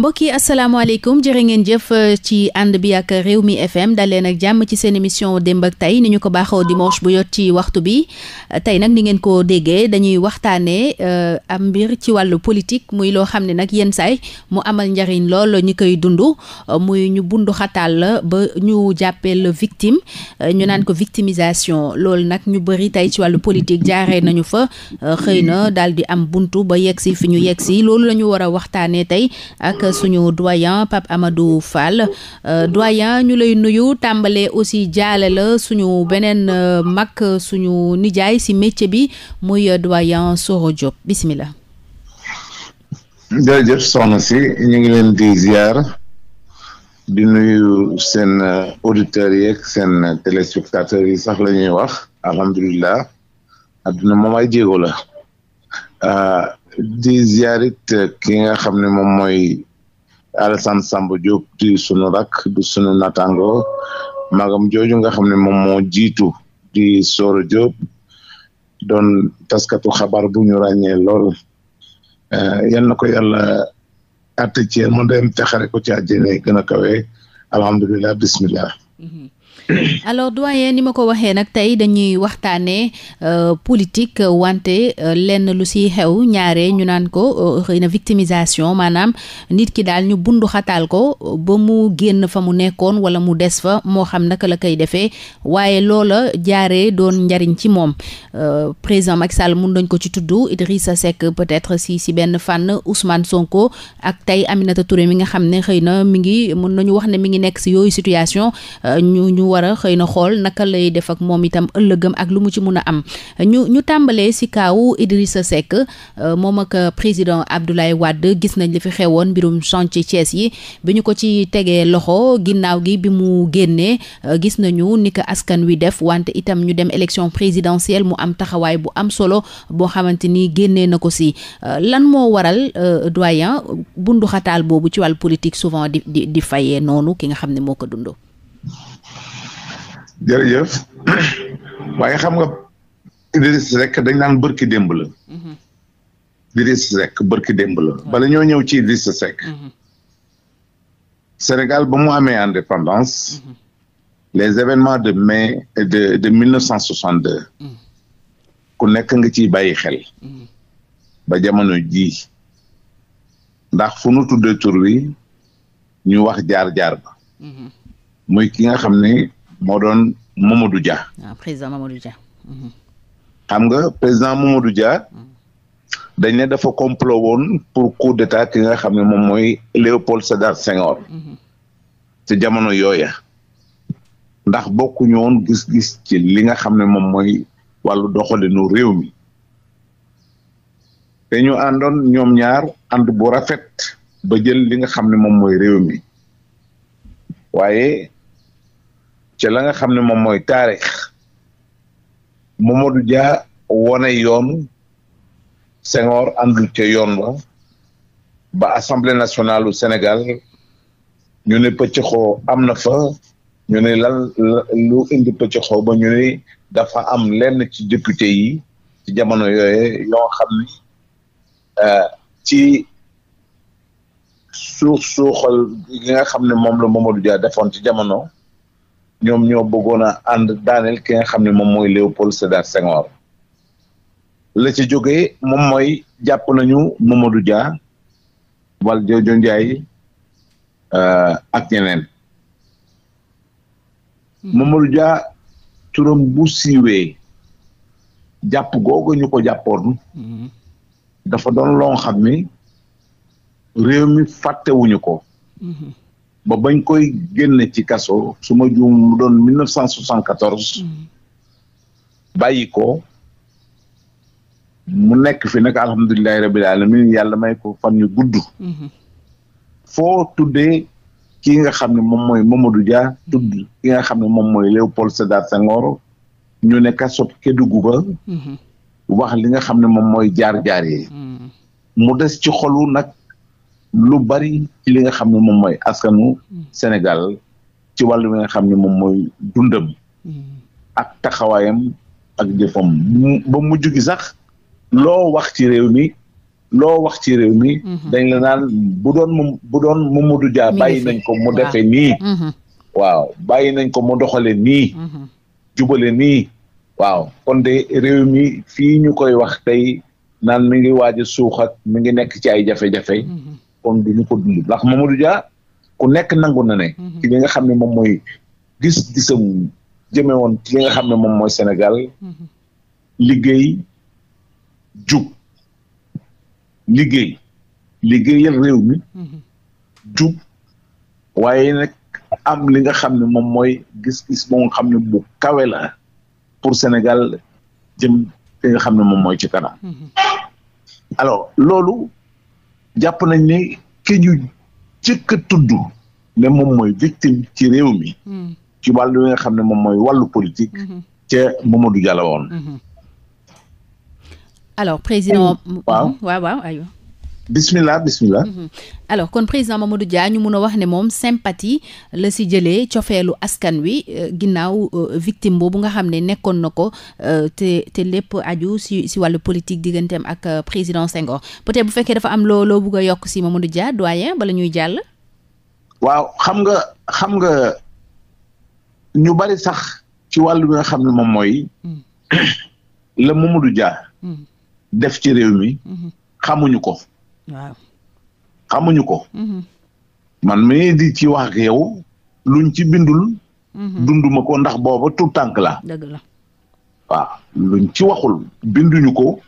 mbokk yi asalaamaaleykum jërë ngeen jëf euh, ci ànd bi ak réew mi FM daleen ak jàmm ci seen émission démb ak tey ni ñu ko baaxoo dimanche bu yot ci waxtu bi tey nag ni ngeen ko déggee dañuy waxtaanee euh, am mbir ci wàllu politique muy loo xam ne nag yenn saay mu amal njariñ lool ñu koy dund euh, muy ñu bundu xataal la ba ñu jàppee le victime ñu naan ko victimisation loolu nag ñu bëri tey ci wàllu politique jaaree nañu fa xëy na daal di am bunt ba yegg si fi ñu yegg si loolu la ñu war a waxtaanee tey suñu doyen Pape Amadou Fall euh, doyan ñu lay nuyu tàmbalee aussi jaale la suñu beneen euh, mag suñu nijaay si métier bi muy euh, doyen Soro Diop bismillah jërëjëf soxna si ñu ngi leen di di nuyu seen auditeurs yeeg seen yi sax la ñuy wax alhamdulilah adduna moom ay jéego la di ziar it ki nga xam ne moom mooy Alassane Samba Diop di sunu rak di sunu natango magam jooju nga xam ne moom moo jiitu di Soro Diop doon taskatu xabaar bu ñu ràññee lool eh, yal na ko yàlla atte ci yéen mën dem ko ci àjjana gën a kawe alhamdulillah bismillah mm-hmm. alors doyen ni ma ko waxee nag tey dañuy waxtaanee euh, politique euh, wante euh, lenn lu siy xew ñaare ñu naan ko xëy na victimisation maanaam nit ki daal ñu bundu ko ba mu génn fa mu nekkoon wala mu des fa moo xam naka la koy defee waaye loola jaaree doon njariñ ci moom président Macky Sall mun nañ ko ci tudd Idrissa Seck peut-être si si benn fànn Ousmane Sonko ak tey Aminata Touré mi nga xam ne xëy na mi ngi mun nañu wax ne mi ngi nekk si yooyu situation ñu ñu war xëy na xool naka lay def ak moom itam ëllëgëm ak lu mu ci mun a am ñu ñu tàmbalee si kaawu Idrissa Seck euh, moom ak président Abdoulaye Wade gis nañ li fi xewoon mbirum chantier yi bi ñu ko ci tegee loxo ginnaaw gi bi mu génnee euh, gis nañu ni ko askan wi def wante itam ñu dem élection présidentielle mu am taxawaay bu am solo boo xamante ni génnee na ko si euh, lan moo waral doyan bundu xataal boobu ci wàllu politique souvent di di di fayee noonu ki nga xam ne moo ko dundoo jërëjëf waaye xam nga Idriss Seck dañ naan bërki démb la mhm. Idriss Seck bërki démb la bala ñoo ñëw ci Idriss Seck mhm. Sénégal ba mu amee indépendance mhm. les événements de mai de de mille ku nekk nga ci bàyyi xel ba jamono ji ndax fu nu tuddee tur wi ñu wax jaar-jaar ba muy ki nga xam ne moo doon Mamadou Dia. waaw ah, président Mamadou Dia. Mhm. xam nga président Mamadou Dia. dañ ne dafa complot woon pour coup deta ki nga xam ne moom mooy Léopold Sédar Senghor. Mhm. ci jamono yooya. ndax bokkuñu woon gis-gis ci li nga xam ne moom mooy wàllu doxalinu réew mi. te ñu àndoon ñoom ñaar ànd bu rafet ba jël li nga xam ne moom mooy réew mi waaye ce la nga xam ne moom mooy taarix Mamadou Dia wane yoon Senghor àndul ca yoon wa ba assemblée nationale u Sénégal ñu ne pëccëxoo am na fa ñu ne la lu indi pëccëxoo ba ñu ne dafa am lenn ci député yi ci jamono yooye yoo xam ni euh, ci suux suuxal nga xam ne moom la Mamadou Dia defoon ci jamono ñoom ñoo bëggoon a ànd daaneel ki nga xam ne moom mooy Léopold Sédar Senghor la ci jógee moom mooy jàpp nañu Mamadou Dia Valdiodio Ndiaye euh, ak ñeneen hmm. Mamadou Dia turam bu siiwee jàpp googu ñu ko jàppoon hmm. dafa doon loo xam ni réew mi fàttewuñu ko. Hmm. ba bañ koy génne ci kaso su ma juum mu doon 1974. Hmm. bàyyi ko mu nekk fi nag alhamdulilahi rabbil alamin yàlla may ko fan yu gudd. Hmm. foo tuddee ki nga xam ne moom mooy Mamadou Dia hmm. tudd ki nga xam ne moom mooy Léopold Sédar Senghor ñu ne kaso Kédougou ba. wax li nga xam ne moom mooy jaar jaar yi. mu des ci xolu nag. lu bari ci li nga xam ne moom mooy askanu Sénégal ci wàllu bi nga xam ne moom mooy dundam ak taxawaayam ak jëfam ba mujj gi sax loo wax ci réew mi loo wax ci réew mi mhm. dañ la naan bu doon mu bu doon Mamadou Dia bàyyi nañ ko mu defee nii mhm. bàyyi nañ ko mu doxale nii mhm. jubale nii waaw kon de réew mi fii ñu koy wax tey naan mi ngi waaj suuxat mi ngi nekk ci ay jafe-jafe kon du ko dund ndax Mamadou Dia ku nekk nangu na ne. ci mhm. li nga xam ne moom mooy gis-gisam jëme woon ci li nga xam ne moom mooy Sénégal mhm. liggéey jub liggéey liggéeyal réew mi mhm. jub waaye nag am li nga xam ne moom mooy gis-gis moo xam ne bu kawe la pour Sénégal jëm li nga xam ne moom mooy ci kanam loolu jàpp nañ ne ki ñu jëkk a ne moom mooy victime ci réew mi hmm. ci wàllu yi nga xam ne moom mooy wàllu politique hmm. ca Mamadou Diallo woon hmm. alors président waaw waaw waaw bismillah bismillah mm -hmm. alors kon président Mamadou Dia ñu mun a wax ne moom sympathie la si jëlee cofeelu askan wi euh, ginnaaw euh, victime boobu nga xam ne nekkoon na ko euh, te te lépp aju si si wàllu politique digganteem ak euh, président Senghor peut-être bu fekkee dafa am loo loo bugg a yokk si Mamadou Dia doyen bala ñuy jàll. waaw xam nga xam nga ñu bari sax ci wàllu bi nga xam ne moom mooy mm. la Mamadou Dia. Mm. def ci réew mi. Mm-hmm. xamuñu ko. waaw ko. Mm-hmm. man mii di ci wax ak yow luñ ci bindul. Mm-hmm. dunduma ko ndax booba tu tànk la. dëgg la luñ ci waxul binduñu ko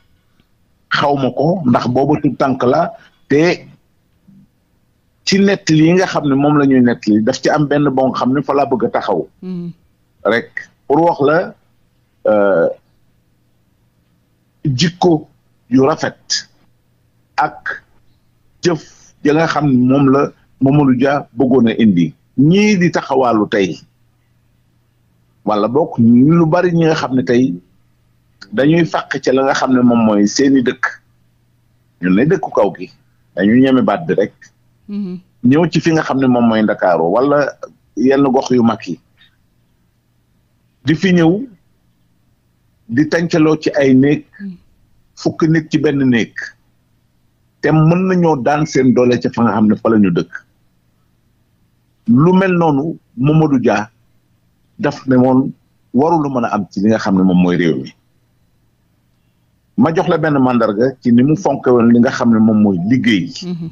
xawma ko ndax booba tout tànk la te ci nettali yi nga xam ne moom la ñuy nettali daf ci am benn bon xam ne fa laa bëgg a taxaw. Mm-hmm. rek pour wax la euh, jikko yu rafet ak. jëf ya nga xam ne moom la Mamadou Dia bëggoon a indi ñii di taxawaalu tey wala bokk lu bari ñi nga xam ne tey dañuy fàq ci la nga xam ne moom mooy seeni dëkk ñu ne dëkku kaw gi dañu ñeme baat bi rek mhm. ñëw ci fi nga xam ne moom mooy ndakaaroo wala yenn gox yu mag yi di fi ñëw di tàncaloo ci ay néeg mhm. fukki ci benn néeg te mën nañoo daan seen doole ca fa nga xam ne fa la dëkk lu mel noonu Mamadou jaa daf ne woon warul mën a am ci li nga xam ne moom mooy réew mi ma jox la benn mandarga ci ni mu fonke li nga xam ne moom mooy liggéey mm-hmm.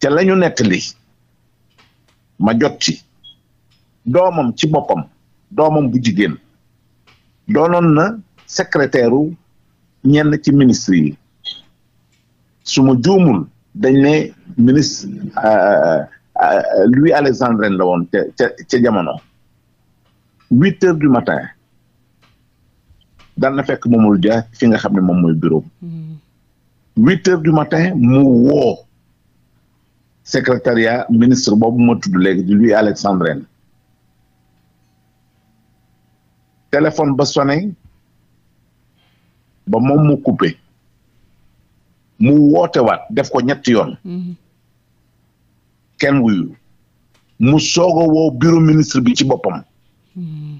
ca lañu ñu nekk li ma jot ci doomam ci boppam doomam bu jigéen doonoon na secretaire u ñenn ci ministre yi suma ma juumul dañ ne ministre euh, euh, euh, Louis Alexandrin la woon ca ca jamono huit heures du matin daan na fekk Mamadou Dia fi nga xam ne moom mooy bureau hmm. huit heures du matin mu woo secrétariat ministre boobu ma tudd léegi di Louis Alexandrin téléphone ba sonné ba moom mu coupé mu wootewaat def ko ñetti yoon mhm. kenn wuyu mu soog a woo bureau ministre bi ci boppam mhm.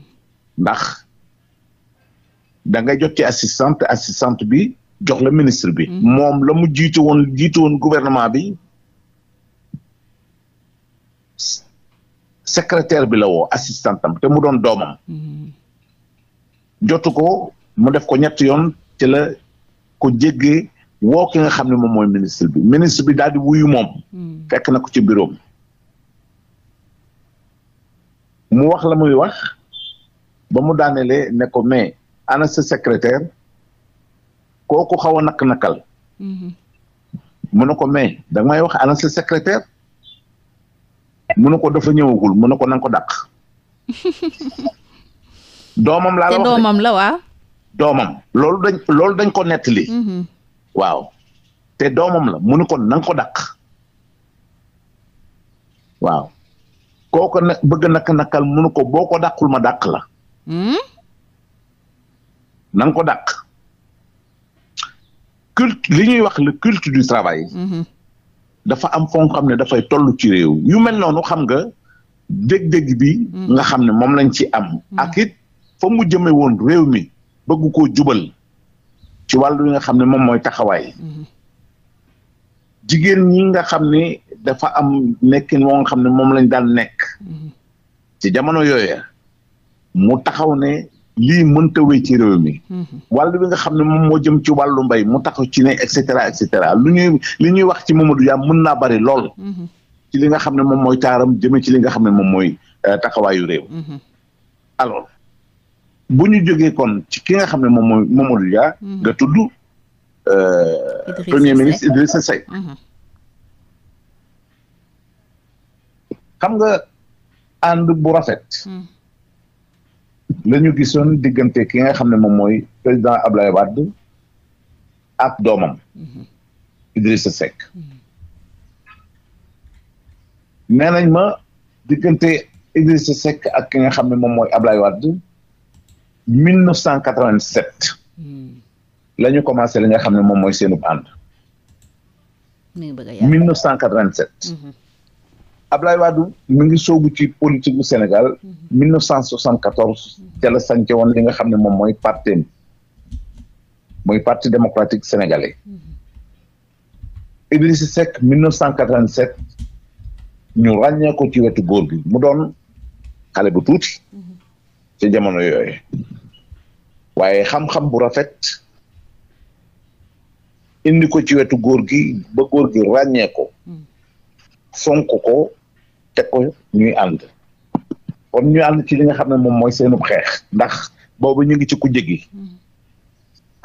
ndax danga jot ci assistante assistante bi jox la ministre bi mhm. moom la mu jiite woon jiite woon gouvernement bi secretaire bi la woo assistante am te mu doon doomam jotu ko mu def ko ñett yoon ci la ko jéggee woo ki nga xam ne moom mooy ministre bi ministre bi daal di wuyu moom. Hmm. fekk na ko ci bureau mu wax la muy wax ba mu daanelee ne ko mais ana sa kooku xaw a nakk-nakal. Hmm. mu ne ko mais da may wax ana sa mun mu ne ko dafa ñëwagul mu ne ko na ko dàq. doomam laa la wax te doomam waa. doomam loolu dañ loolu dañ ko nettali. Hmm. waaw te doomam la mu ne ko na ko dàq waaw kooku na bëgg naka nakal mu ne ko boo ko daqul ma dàq la hmm? na ko daq culte li ñuy wax le culte du travail dafa am foo xam ne dafay toll ci réew yu mel noonu xam nga dégg-dégg bi hmm. nga xam ne moom lañ ci am hmm. ak it mu jëme woon réew mi bëgg koo jubal ci wàllu li nga xam ne moom mooy taxawaay mhm. jigéen ñi nga xam ne dafa am nekkin moo nga xam ne moom lañ daan nekk mhm. ci jamono yooya mu taxaw ne lii mënta wéy ci réew mi mhm. wàllu bi nga xam ne moom moo jëm ci wàllu mbay mu taxaw ci ne et cetera et cetera lu li ñuy wax ci Mamadou Dia mën naa bari lool li nga xam ne moom mooy taaram jëme ci li nga xam ne moom mooy euh, taxawaayu réew alors bu ñu jógee kon ci ki nga xam ne moom mooy Mamadou yaa mhm. nga tudd euh, premier ministre Idrissa Seck mhm. xam nga ànd bu rafet mhm. lañu gisoon diggante ki nga xam ne moom mooy président Ablaye Wade ak doomam Idrissa Seck nee nañ ma diggante Idrissa Seck ak ki nga xam ne moom mooy Ablaye Wade 1987. la hmm. lañu commencé li nga xam ne moom mooy seenub ànd. mi ngi bëgg a yàgg 1987. Hmm. Ablaye Wade mi ngi soogu ci politique bu Sénégal. 1974 ca la sànce woon li nga xam ne moom mooy parti mooy parti démocratique sénégalais. Hmm. Idrissa Seck 1987 ñu ràññee ko ci wetu góor bi mu doon xale bu tuuti. ci jamono yooyu waaye xam-xam bu rafet indi ko ci wetu góor gi ba góor gi ràññee ko fonk ko te ko ñuy ànd kon ñuy ànd ci li nga xam ne moom mooy seenu xeex ndax boobu ñu ngi ci ku gi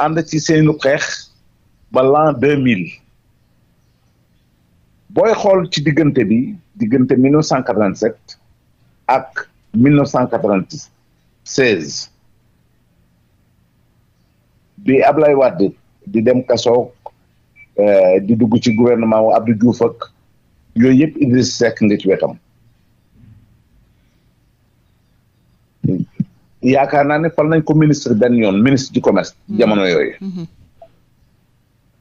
ànd ci seenu xeex ba l'an deux mille booy xool ci diggante bi diggante mille neuf cent quatre vingt ak mille neuf cent quatre dix seize bi Ablaye Wade di dem kaso eh, di dugg ci gouvernement wu Abdou Diouf ak yooyu yëpp Idriss Seck nga ci wetam yaakaar naa ne fal nañ ko ministre benn yoon ministre du commerce mm-hmm. jamono yooyu mm-hmm.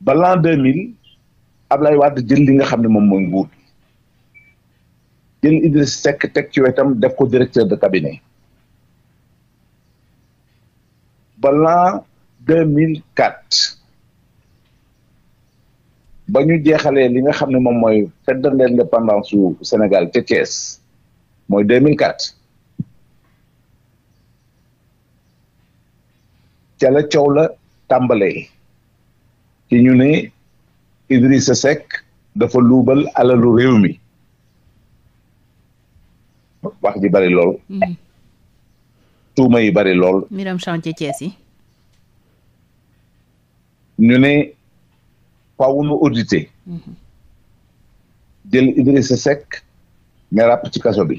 ba l'an deux mille Ablaye Wade jël li nga xam ne moom mooy nguur jël Idriss Seck teg ci wetam def ko directeur de cabinet ba l'an deux mille quatre ba jeexalee li nga xam ne moom mooy fête de l'indépendance su Sénégal ca Thiès mooy deux mille quatre ca la coow la tàmbalee ci ñu dafa luubal alalu réew mi wax ji lool. Mm. tuuma yi bari lool. mbiram chantier Thiès yi. ñu ne faaw nu audité. Mhm. jël Idrissa Seck ne ràpp ci kaso bi.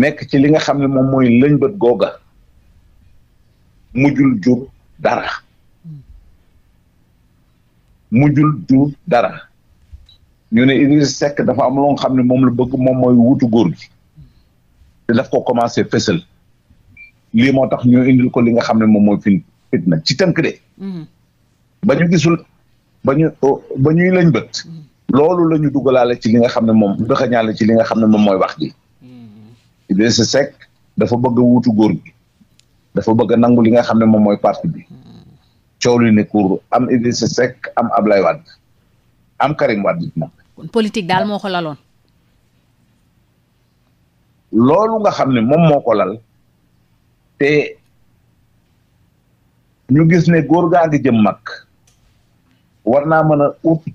nekk ci li nga xam ne moom mooy lëñbët googa mujjul jur dara. mujjul jur dara. ñu ne Idrissa Seck dafa am loo xam ne moom la bëgg moom mooy wutu góor gi. te daf ko commencé fësal lii moo tax ñu indil ko li nga xam ne moom mooy fi fitna ci tënk de. Mm-hmm. ba ñu gisul ba ñu oh, ñuy lañ bët. Mm-hmm. loolu lañu ñu dugalaale ci li nga xam ne moom dëxañaale ci li nga xam ne moom mooy wax ji. Mm-hmm. Idrissa Seck dafa bëgg a wuutu góor dafa bëgg nangu li nga xam ne moom mooy parti bi coow li ne kuur am Idrissa Seck am Ablaye Wade am Karim Wade nag. politique daal moo ko loolu nga xam ne moom moo ko lal te ñu gis ne góor gaa ngi jëm mag war naa mën a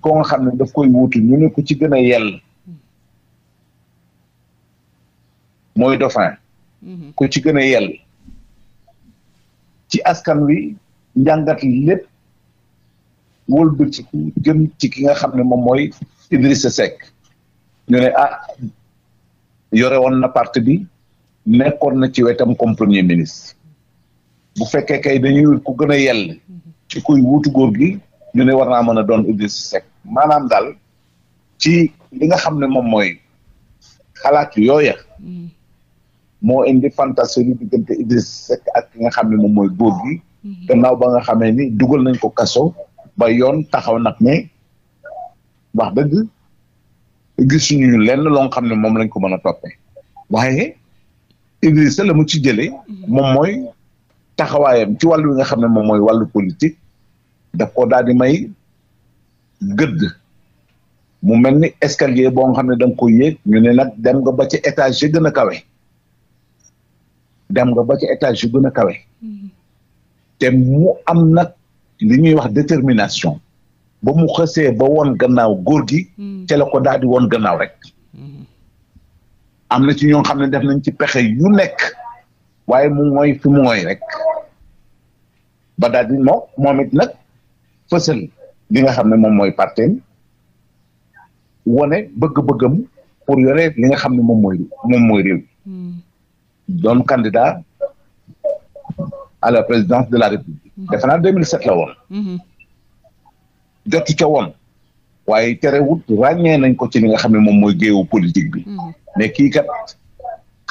ko nga xam ne daf koy wuutu ñu ne ko ci gën a yell mooy dauphin mhm. ku ci gën a yell ci askan wi njàngat lépp wëlbatiku jëm ci ki nga xam ne moom mooy Idrissa Seck ñu ne ah yore woon na parti bi nekkoon na ci wetam comme premier ministre bu fekkee kay dañuy wut ku gën a yell ci koy wuutu góor gi ñu ne war naa mën a doon Idrissa sek maanaam daal ci li nga xam ne moom mooy xalaat yooya moo indi fantaseri diggante Idrissa Seck ak ki nga xam ne moom mooy góor gi gannaaw ba nga xamee ni dugal nañ ko kaso ba yoon taxaw nag ne wax dëgg gisuñu lenn loo xam ne moom lañ ko mën a toppee waaye Idrissa la mu ci jëlee moom mooy taxawaayam ci wàllu yi nga xam ne moom mooy wàllu politique daf ko daal di may gëdd mu mel ni escalier boo nga xam ne da nga ko yéeg ñu ne nag dem nga ba ci étage yu gën kawe dem nga ba ci étage yu gën kawe mm-hmm. te mu am nag li ñuy wax détermination ba mu xësee ba woon gannaaw góor gi. Hmm. ca ko daal di woon gannaaw rek. Hmm. am na ci ñoo xam ne def nañ ci pexe yu nekk waaye mu mooy fi mu mooy rek ba daal di moom moom it nag fësal li nga xam ne moom mooy parten wane bëgg-bëggam pour yore li nga xam ne moom mooy moom mooy réew hmm. doon la présidence de la république defe naa 2007 la woon jot ca woon waaye terewut ràññee nañ ko ci li nga xam ne moom mooy géewu politique bi mais mm-hmm. kii kat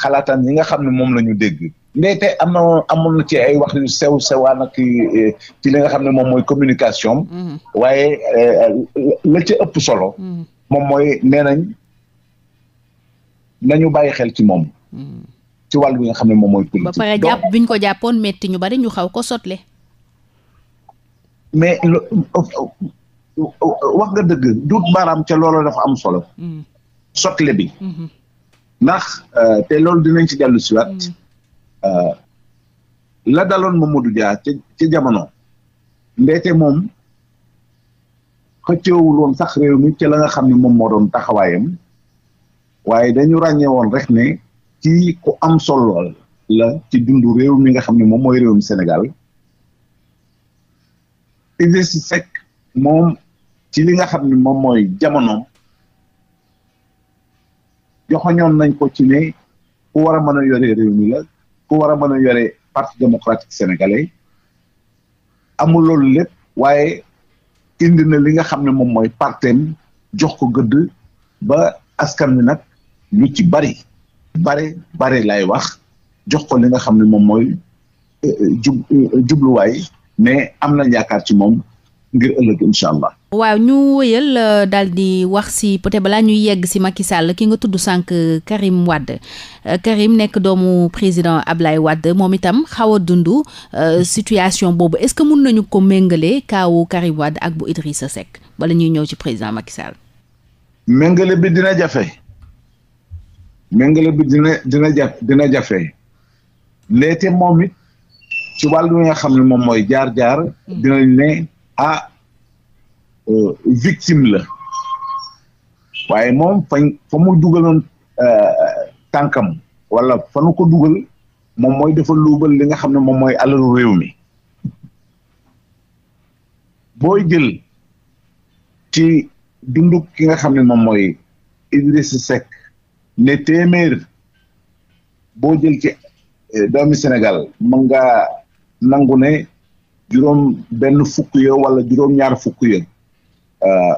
xalaatam yi nga xam ne moom lañu ñu dégg ndeyte am na amoon na ci ay wax yu sew sewaan ak e, ci li nga xam ne moom mooy communication mm-hmm. waaye e, la ca ëpp solo mm-hmm. mooy nee nañ nañu bàyyi xel ci moom wàll bi nga xam ne moom mooy politique ba pare jàpp bi ko jàppoon métti ñu bari ñu xaw ko sotle mais wax nga dëgg duut baaraam ca loolu dafa am solo. Mm. sotle bi. Mm-hmm. ndax euh, te loolu dinañ ci dellu si waat mm. euh, la daloon Mamadou Dia ca ca jamono. mbeete moom xëccoowul woon sax réew mi ci la nga xam ne moom moo doon taxawaayam waaye dañu ràññee woon rek ne ci ku am solo la ci dundu réew mi nga xam ne moom mooy réewum Sénégal Idrissa Seck moom ci li nga xam ne moom mooy jamonoom joxoñoon nañ ko ci ne ku war a mën a yore réew mi la ku war a mën a yore parti démocratique sénégalais amul loolu lépp waaye indi na li nga xam ne moom mooy partem jox ko gëdd ba askan wi nag lu ci bari bare bare lay wax jox ko li nga xam ne moom mooy eh, eh, jub eh, jubluwaay mais am na yaakaar ci moom ngir ëllëg incha allah waaw ñu wëyal euh, daal di wax si peut balaa ñuy yegg si Macky Sall ki nga tudd sànq Karim Wade euh, Karim nekk doomu président ab lay wadd moom itam xaw a dund euh, situation boobu est-ce que mun nañu ko méngale kaawu Karim Wade ak bu Idrissa Seck bala ñuy ñëw ci président Macky Sall. méngale bi dina jafe méngale bi dina dina ja dina jafe léete moom it ci wàllu nga xam ne moom mooy jaar-jaar. Mm. dinañ ne ah. Euh, victime la waaye moom fañ fa mu dugaloon euh, tànkam wala fa ko dugal moom mooy dafa luubal li nga xam ne moom mooy alalu réew mi booy jël ci dunduk ki nga xam ne moom mooy sek ne téeméer boo jël ci euh, doomi Sénégal mën nga nangu ne juróom benn fukk yo wala juróom ñaar fukk yo Euh,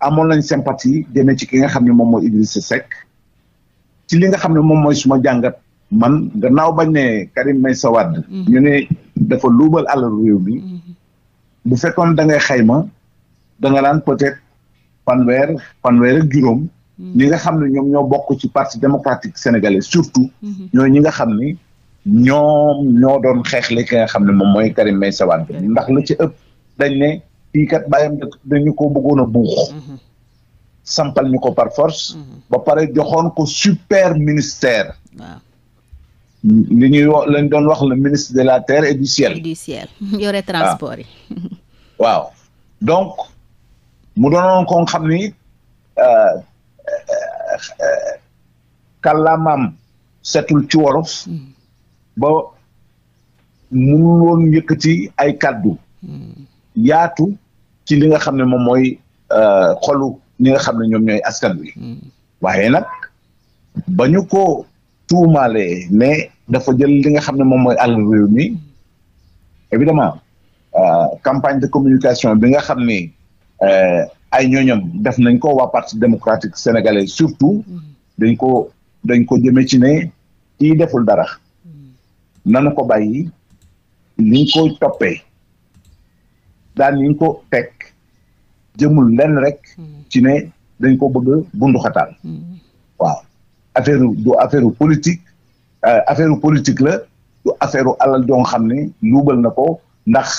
amoon nañ sympathie demee ci ki nga xam ne moom mooy Idrissa Seck ci li nga xam ne moom mooy suma jàngat man gannaaw bañ ne Karim Meïssa Wade mm-hmm. ñu ne dafa luubal alal réew mi mm-hmm. bu fekkoon da ngay xayma da nga daan peut-être fanweer fanweer ak juróom mm-hmm. ñi nga xam ne ñoom ñoo bokk ci parti démocratique sénégalais surtout ñooy ñi nga xam ne ñoom ñoo doon xeexle ki nga xam ne moom mooy Karim Meïssa Wade ndax lu ëpp dañ ne kii kat bàyyam dañu ko bëggoon a buux mhm. sampal ñu ko par mhm. ba pare joxoon ko super ministère li ñuy wax lañ doon wax le ministre de la terre et du ciel ah. waaw donc mu doonoon ko xam ni euh, euh, euh, kàllaamaam setul ci wolof mhm. ba mënul woon yëkkati ay kàddu yaatu ci li nga xam ne moom mooy euh, xolu ñi nga xam ne ñoom ñooy askan wi hmm. waaye nag ba ñu ko tuumaalee ne dafa jël li nga xam ne moom mooy alal réew mi euh, campagne de communication bi nga xam ne euh, ay ñooñam def nañ ko waa parti démocratique sénégalais surtout hmm. dañ ko dañ ko jëme ci ne kii deful dara hmm. nanu ko bàyyi liñ ko toppee daan yi ñu ko teg jëmul lenn rek ci ne dañ ko bëgg a bunduxataal waaw affaire du affaire politique euh, affaire politique la du affaire alal joo xam ne luubal na ko ndax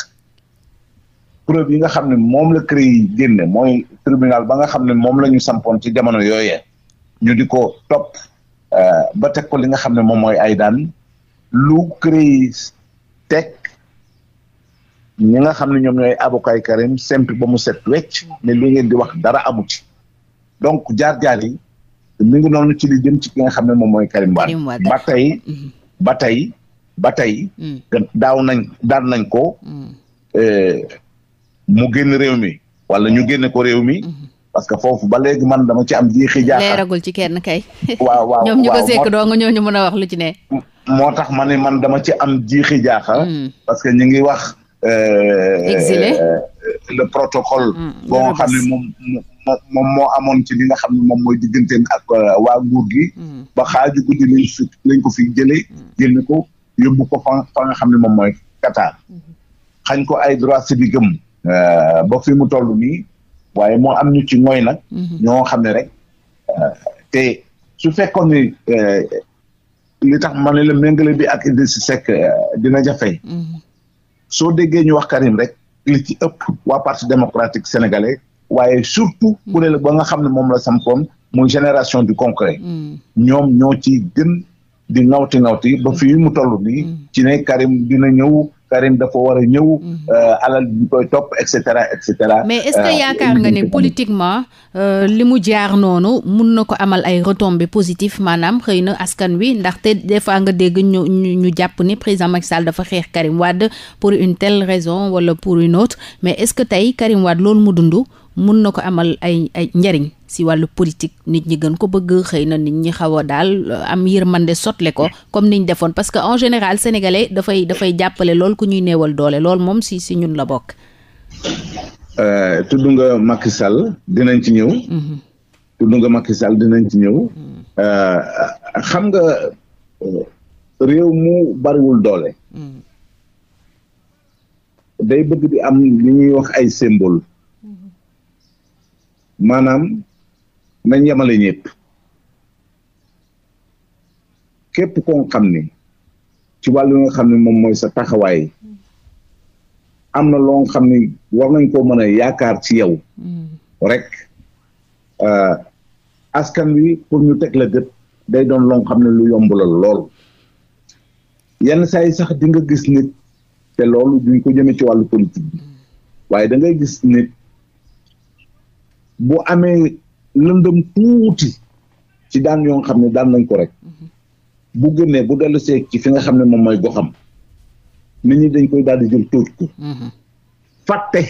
preuve yi nga xam ne moom la CREI yi génne mooy tribunal ba nga xam ne moom la ñu sampoon ci jamono yooyee ñu di ko topp euh, ba teg ko li nga xam ne moom mooy ay daan lu CREI yi ñi nga xam ne ñoom ñooy avocat yi Karim simple ba mu set wecc ne li di wax dara amu ci donc jaar-jaar yi mi ngi noonu ci li jëm ci ki nga xam ne moom mooy Karim Wade mhm. ba tey ba tey ba mhm. tey daaw nañ daan nañ ko mhm. eh, mu génn réew mi wala ñu génne ko réew mi parce que foofu ba léegi man dama ci am jiixi jaaxa leeragul ci kenn kay waaw waaw ñoom ñu ko sekk doo nga ñoo ñu wax lu ci ne moo tax ma ne man dama ci am jiixi jaaxa parce que ñu ngi wax exilé euh, le protocole. Mm, boo nga xam ne moom moom moo amoon ci li nga xam ne moom mooy digganteen ak euh, waa nguur gi. Mm. ba xaaju ko fi jëlee. Mm. génne ko yóbbu ko fa fa ne moom mooy Qatar. Mm-hmm. xañ ko ay droit civique am. Euh, ba fi mu toll nii. waaye moo am ñu ci mooy nag. Mm-hmm. ñoo xam ne rek. te su fekkoon ni li tax ma ne la méngale bi ak Idrissa Seck dina jafe. Mm-hmm. soo déggee ñu wax Karim rek li ci ëpp waa parti démocratique sénégalais waaye surtout kuréel ba nga xam ne moom la sampoon muy génération du concret mm. ñoom ñoo ci gën di ngawti ngawti ba fii mu toll nii mm. ci ne Karim dina ñëw Karim dafa war a ñëw. Mhm. Euh, alal bi koy topp et cetera mais est euh, yaakaar nga ne politiquement euh, li mu jaar noonu mun na ko amal ay retombées positives maanaam xëy na askan wi ndaxte des fois nga dégg ñu ñu ñu jàpp ni président Macky Sall dafa xeex Karim Wade pour une telle raison wala pour une autre mais est ce que tey Karim Wade loolu mu dundu mun na ko amal ay ay njariñ si wàllu politique nit ñi gën ko bëgg xëy na nit ñi xaw a daal euh, am yërmande sotle ko mm. comme niñ defoon parce que en général sénégalais dafay dafay jàppale lool ku ñuy néewal doole lool moom si si ñun la bokk. Euh, tudd nga Macky Sall dinañ ci ñëw. Mm-hmm. tudd nga ci ñëw. Mm-hmm. Euh, xam nga réew mu bariwul doole. Mm-hmm. day bëgg di am li ñuy wax ay symbole. maanaam nañ yemale ñëpp képp ko xam ni ci wàllu nga xam ne moom mooy sa taxawaay am na loo xam ni war nañ koo mën yaakaar ci yow mm. rek euh, askan wi pour ñu teg la gët day doon loo xam ne lu yomb lool yenn saa sax di nga gis nit te loolu duñ ko jëmee ci wàllu politique mm. waaye dangay gis nit bu amee lëndëm tuuti ci daan yoo xam ne daan nañ ko rek mhm. bu génnee bu dellu see ci fi nga xam ne moom mooy goxam nit ñi dañ koy daal di jël tóoj ko mhm. fàtte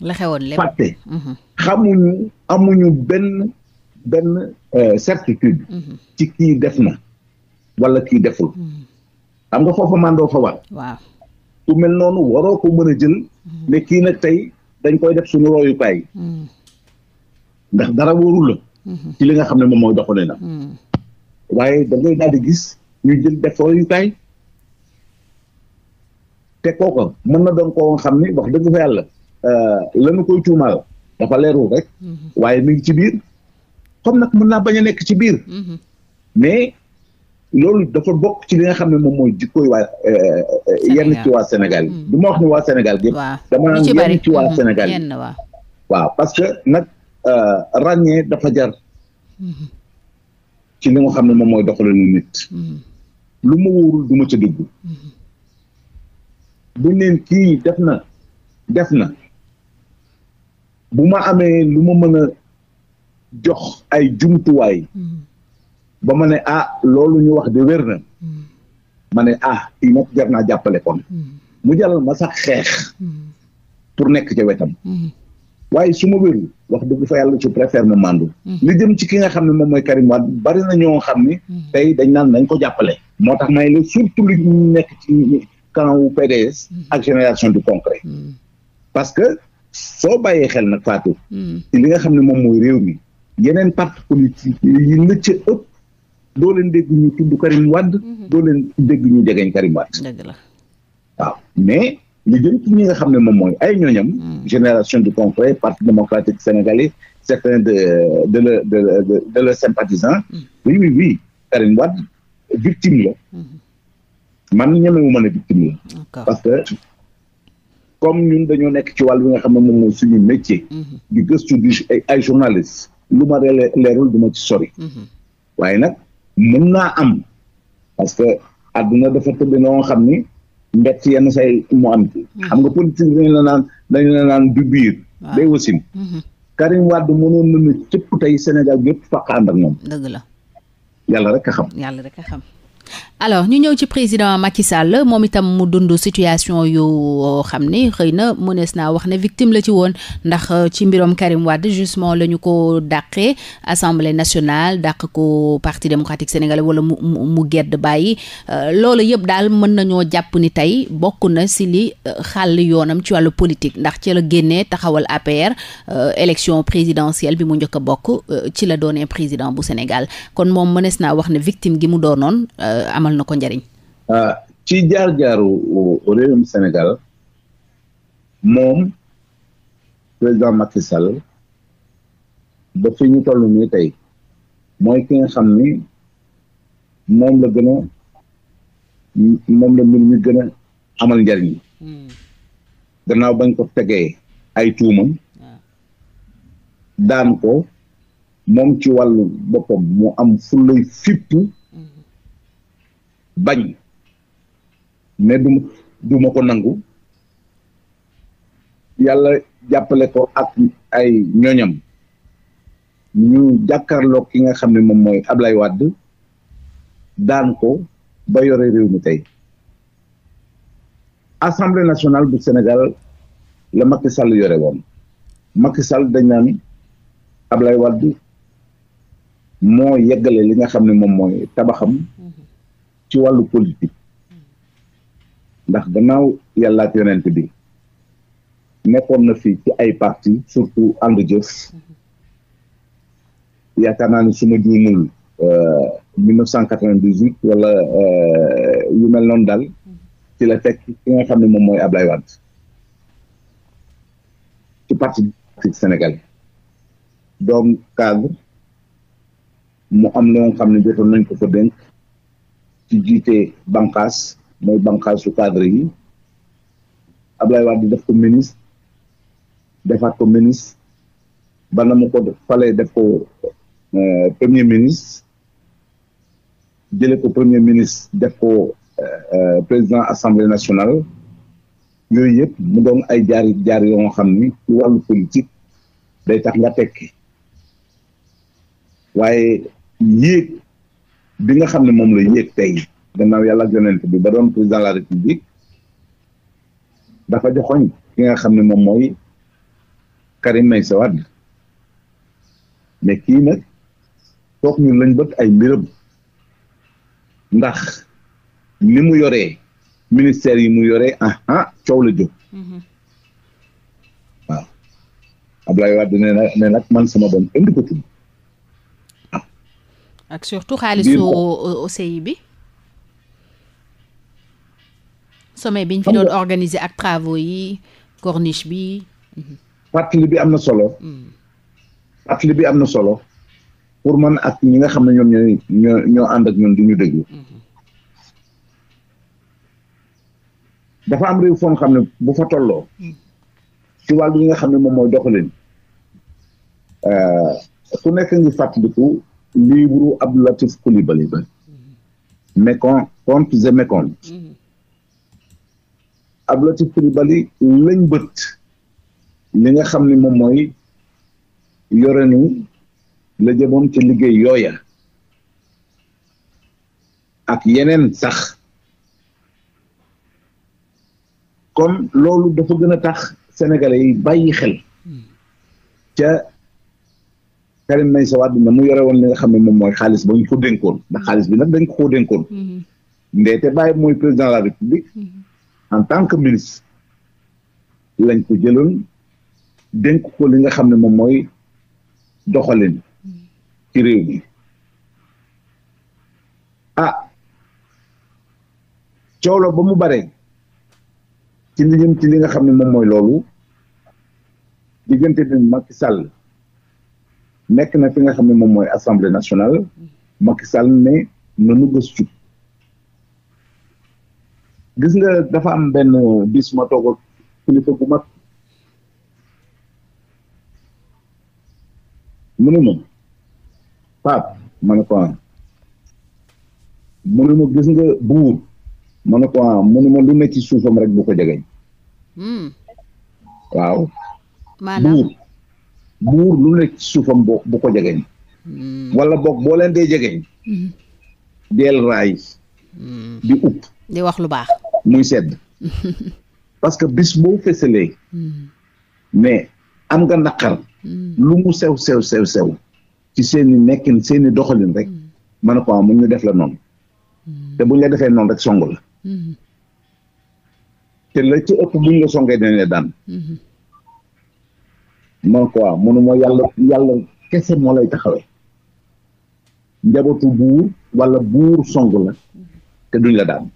la xewoon lépp fàtte mhm. xamuñu amuñu benn benn euh, certitude ci na wala kii deful xam nga foofa mandoo fa war ku mel noonu waroo ko mën a jël ne kii nag tey dañ koy def suñu royukaay ndax dara wóorul la. Mhm. ci li nga xam ne moom mooy doxalee na. Mhm. waaye da daal di gis ñu jël def royukaay te kooka mën na doon koo xam ne wax dëgg fa yàlla euh, lanu koy tuumaal dafa leerul rek. Mhm. waaye mi ngi ci biir comme nag mën naa bañ a nekk ci biir. mais loolu dafa bokk ci li nga xam ne moom mooy jikkooy waa euh, euh, yenn ci waa Sénégal yi. du wax ni waa Sénégal gépp. dama naan yenn ci waa Sénégal yi. waaw parce nag. Euh, ràññee dafa jar mm-hmm. ci li xam ne moom mooy doxalinu nit mm-hmm. lu ma wóorul du ca dugg mm-hmm. bu neen kii def na def na bu ma amee lu ma mën jox ay jumtuwaay ba ma ah loolu ñu wax de wér na ma ah kii jar naa jàppale kon mu jaral ma sax xeex pour nekk ca wetam waaye su ma wérul wax dëgg fa yàlla ci préfère ma mandu mm-hmm. li jëm ci ki nga xam ne moom mooy Karim Wade bari na ñoo xam ne mm-hmm. tey dañ naan dañ ko jàppale moo tax may la surtout lu nekk ci camp wu PDS mm-hmm. ak génération du concret parce que soo bàyyee xel na Fatou li nga xam ne moom mooy réew mi yeneen parti politique yi la ca ëpp doo leen dégg ñu tudd Karim Wade doo leen dégg ñu jegeñ Karim Wade dëgg la waaw mais li jëm ci ñi nga xam ne moom mooy ay ñooñam hmm. génération du confrère parti démocratique sénégalais certains de de le de de de le sympathisant hmm. oui oui oui Karim Wade victime la hmm. man ñemewu mën a victime la parce que comme ñun dañoo nekk ci wàll nga xam ne moom mooy suñu métier di gëstu di ay journaliste lu ma rele leerul du ma ci sori waaye nag mën naa am parce que àdduna dafa tëdd noo xam ni mbett yenn say mu am ci hmm. xam nga politique dañu la naan dañu la naan du biir day wasin hmm. Karim Wade mënoon na ne cëpp tey Sénégal gépp fàq ànd ak moom la yàlla rek a xam yàlla rek a xam alors ñu ñëw ci président Macky Sall moom itam mu dund situation yu euh, xam ni xëy na mënees naa wax ne victime la ci woon ndax euh, ci mbirom Karim Wade justement la ñu ko dàqee assemblée national dàq ko parti démocratique sénégalais wala mu mu mu gedd bàyyi euh, loolu yëpp daal mën nañoo jàpp ni tey bokk na si li xàll yoonam ci wàllu politique ndax ci la génnee taxawal APR élection présidentielle bi mu njëkk a bokk ci la doonee président bu Sénégal kon moom mënees naa wax ne victime gi mu doonoon amal na ko ah, ci jaar-jaaru réewum Sénégal moom président Macky Sall ba fi ñu toll nii tey mooy ki xam ni moom la gën moom la mbir mi gën a amal njariñ hmm. gannaaw bañ ko tegee ay tuumam ah. daan ko moom ci wàllu boppam mu am fullay fipp bañ mais du du ma ko nangu yàlla jàppale ko ak ay ñoñam ñu jàkkarlook ki nga xam ne moom mooy Ablaye Wade daan ko ba yore réew mi tey Assemblée nationale bu Sénégal la Macky Sall yore woon Macky Sall dañ naan ablay Wade moo yeggale li nga xam ne moom mooy tabaxam ci wàllu politique ndax gannaaw yàlla ak yonent bi nekkoon na fi ci ay parti surtout ànd jëf yaakaar naa ni su ma juumul euh, mille neuf cent quatre-vingt-dix-huit wala euh, yu mel noonu daal ci la tekk ki nga xam ne moom mooy Ablaye Wade ci parti sénégalais doom cadre mu am loo xam ne jotoon nañ ko ko ci jiite banqaas mooy bànqaasu cadre yi Ablaye Wade def ko ministre defaat ko ministre ba na mu ko falee def ko euh, premier ministre jële ko premier ministre def ko euh, président assemblée nationale yooyu yëpp mu doon ay jaari jaar yoo xam ni ci wàllu politique day tax nga tekki waaye yéeg bi nga xam ne moom la yéeg tey gannaaw yàlla ak yonent bi ba doon président de la république dafa joxoñ ki nga xam ne moom mooy Karim Meïssa Wade mais kii nag foog ñu lañ bët ay mbiram ndax ni mu yoree ministère yi mu yoree aha ah, coow la jóg mm-hmm. waaw Ablaye Wade nee na nee nag man sama doom indi ko ak surtout xaalisu OCI bi sommet biñ fi doon organiser ak travaux yi corniche bi fàttali bi am na solo hmm. fàttali bi am na solo pour man ak ñi nga xam ne ñoom ñoo ñoo ànd ak ñoom du ñu déglu hmm. dafa am réew foon xam ne bu fa tolloo hmm. ci wàllu yi nga xam ne moom mooy doxalin euh, ku nekk ngi fàttaliku livre Abdou Latif Coulibaly ba Mekong mm-hmm. comptes et mécomptes mm-hmm. Abdou Latif Coulibaly lañ bët li nga xam ne moom mooy yore ni la jëmoon ci liggéey yooya ak yeneen sax kon loolu dafa gën a tax sénégalais yi bàyyi xel mm-hmm. ca Karim Meïssa Wade na mu yore woon li nga xam ne moom mooy xaalis ba ñu ko dénkoon ndax xaalis bi nag dañ ko koo dénkoon mm-hmm. Ndeye mooy président de la République mm-hmm. en tant que ministre lañ ko jëloon dénk ko li nga xam ne moom mooy doxalin mm-hmm. ci réew mi ah coow la ba mu bare ci li ci li nga xam ne moom mooy loolu diggante bi Macky Sall nekk na fi nga xam ne moom mooy assemblée nationale Macky Sall ne nanu gëstu gis nga dafa am benn bis ma toog ak kilifa gu mag mu ne ma ah. gis nga buur ma ne ko ah, ma lu suufam rek bu ko jegeñ hmm. waaw buur buur lu nekk suufam bu ko jegeñ mm. wala boog boo leen dee jegeñ mm-hmm. deel raay mm. di upp di wax lu baax muy sedd parce que bis boo fësalee mm. mais am nga naqar lu mu sew sew sew sew ci seeni nekkin seeni doxalin rek ma ne ko mu ñu def la noonu te buñ la defee noonu rek song la mm-hmm. te la ci ëpp buñ la songee daan mm-hmm. man quoi mënuma yàlla yàlla kese moo lay taxawee njabootu buur wala buur song la te duñ la daan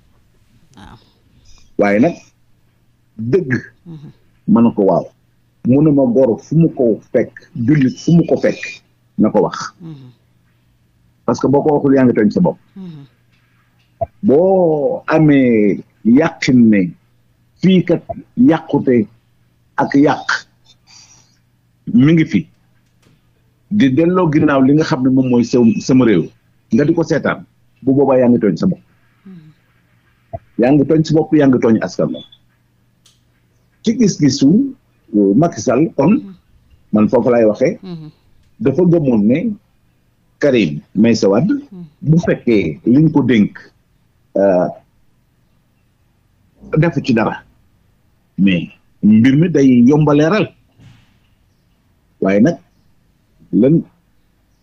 waaye nag dëgg mën mhm. na ko waaw mënuma gor fu mu ko fekk jullit fu mu ko fekk na ko wax mhm. parce que boo ko waxul yaa tooñ sa mhm. boo amee yàqin fii kat yàqute ak yàq mi ngi fi di delloo ginnaaw li nga xam ne moom mooy sama réew nga di ko seetaan bu boobaa yaa ngi tooñ sa bopp hmm. yaa ngi tooñ sa bopp yaa ngi tooñ askan ci gis-gisu euh, Macky Sall kon hmm. man foofu lay waxee hmm. dafa gëmoon ne Karim Meïssa Wade bu fekkee liñ ko dénk euh, defu ci dara mais mbir mi day yombaleeral waaye nag lan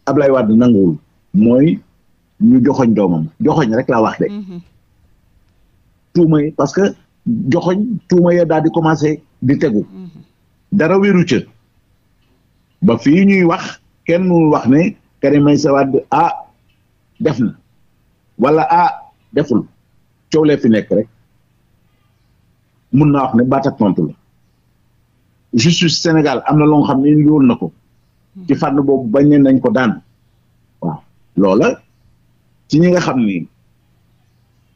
Ablaye Wade nanguwul mooy ñu joxoñ doomam joxoñ rek la wax de. Mm-hmm. tuuma yi parce que joxoñ tuuma ya daal di commencé di tegu. Mm-hmm. dara wéru ca ba fii ñuy wax kenn mu wax ne Karim Meïssa Wade ah def na wala ah deful coow lee fi nekk rek mun naa wax ne baat ak justice Sénégal am na loo xam ne indiwoon na ko ci fànn boobu bañ nañ ko daan waaw loola ci ñi nga xam ni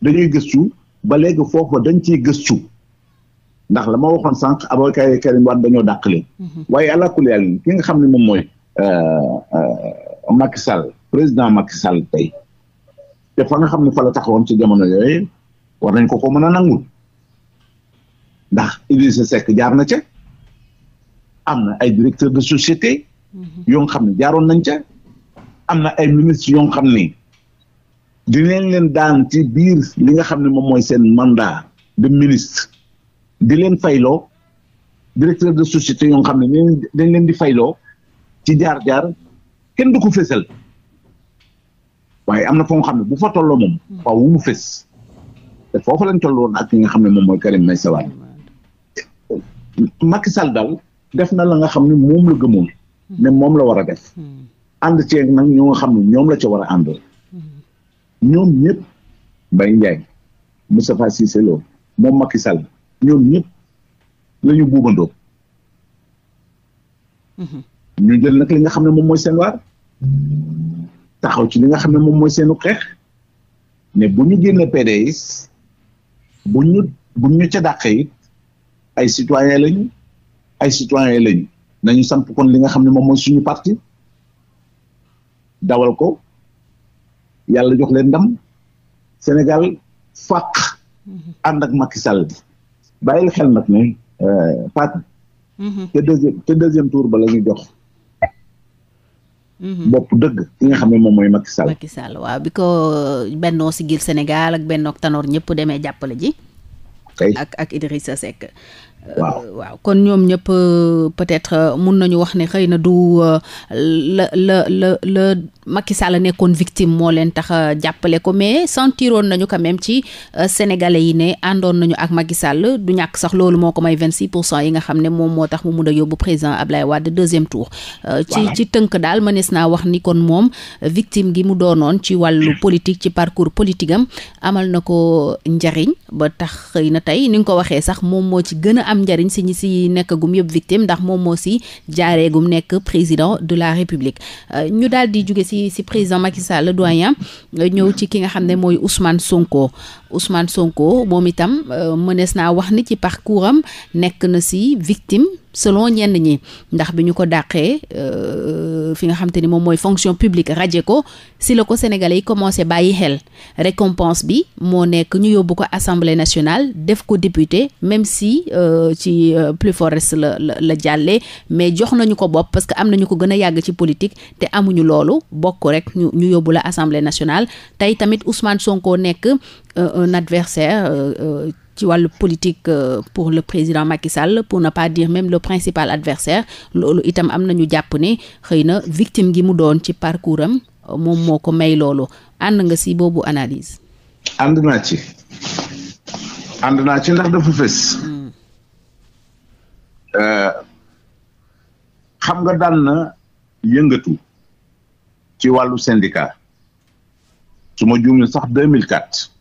dañuy gëstu ba léegi foofu dañ ciy gëstu ndax la ma waxoon sànq avocat Karim Wade dañoo dàqale mhm. waaye ala kulli yàlla ki nga xam ne moom mooy euh, euh, Macky Sall président Macky Sall tey te fa nga xam ne fa la taxawoon ci jamono yooyu war nañ ko ko mën a nangul ndax Idrissa sekk jaar na ca am na ay directeur de société mhm. yoo xam ne jaaroon nañ ca am na ay ministres yoo xam ne dinañ leen daan ci biir li nga xam ne moom mooy seen mandaa de ministre di leen fayloo directeur de société yoo xam ne dañ leen di fayloo ci jaar-jaar kenn du ko fésal waaye am na foo xam ne bu fa tolloo moom mhm. faaw wu mu fés te foofu lañ tolloon ak ñi nga xam ne moom mooy Karim Meïssa Wade Macky Sall daal def na la nga xam ne moom la gëmoon hmm. ne moom la war a def hmm. ànd ceeg nag ñoo nga xam ne ñoom la ca war a àndoo hmm. ñoom ñëpp Mbaye Ndiaye Moustapha Cissé Lo moom Macky Sall ñoom ñëpp la ñu buubandoo ñu jël nag li nga xam ne moom mooy seen waar taxaw ci li nga xam ne moom mooy seenu xeex ne bu ñu génne PDS bu ñu bu ñu ca dàqee it ay citoyen lañu ay citoyen lañu nañu samp kon li nga xam ne moom mooy suñu parti dawal ko yàlla jox leen ndam Sénégal fàq ànd ak Macky Sall bi bàyyil xel nag ne euh, mhm. te deuxième tour ba ñu jox mhm. bopp dëgg ki nga xam ne moom mooy Macky Sall. Macky Sall waaw bi ko euh, Bennoo Siggil Sénégal ak Bennoog Tanor ñëpp demee jàppale ji. ak ak Idrissa Seck waaw euh, waaw kon ñoom ñëpp euh, peut-être euh, mun nañu wax ne xëy na du la la la la Macky Sall nekkoon victime moo leen tax jàppale ko mais sentiroon nañu quand même ci euh, sénégalais yi ne àndoon nañu ak Macky Sall du ñàkk sax loolu moo ko may vingt six pour cent yi nga xam ne moom moo tax mun a yóbbu président Ablaye Wade deuxième tour. Euh, ci tënk daal mënees naa wax ni kon moom euh, victime gi mu doonoon ci wàllu hmm. politique ci parcours politique amal na ko njariñ ba tax xëy na tey ni nga ko waxee sax moom moo ci gën a am njariñ si ñi si nekkagum yëpp victime ndax moom moo si jaareegum nekk président de la république ñu daal jóge si si si président Macky Sall le doyen euh, ñëw ci ki nga xam ne mooy Ousmane Sonko Ousmane Sonko moom itam euh, mënees naa wax ni ci parcours am nekk na si victime selon ñenn ñi ndax bi ñu ko dàqee euh, fi nga xam ni moom mooy fonction publique raje ko si la ko sénégalais yi commencé bàyyi xel récompense bi moo nekk ñu yóbbu ko assemblée nationale def ko député même si euh, ci euh, plus forest la la la jàllee mais jox nañu ko bopp parce que am nañu ko gën a yàgg ci politique te amuñu loolu bokk rek ñu ñu yóbbu la assemblée nationale tey tamit son Sonko nekk un adversaire ci wàllu politique euh, pour le président Macky Sall pour na pas dire même le principal adversaire loolu itam am na ñu jàpp ne xëy na victime gi mu doon ci parcours am moom moo ko may loolu ànd nga si boobu analyse. ànd naa ci ndax dafa fës. Hmm. Euh, xam nga daan na yëngatu ci wàllu syndicat su ma juumee sax 2004.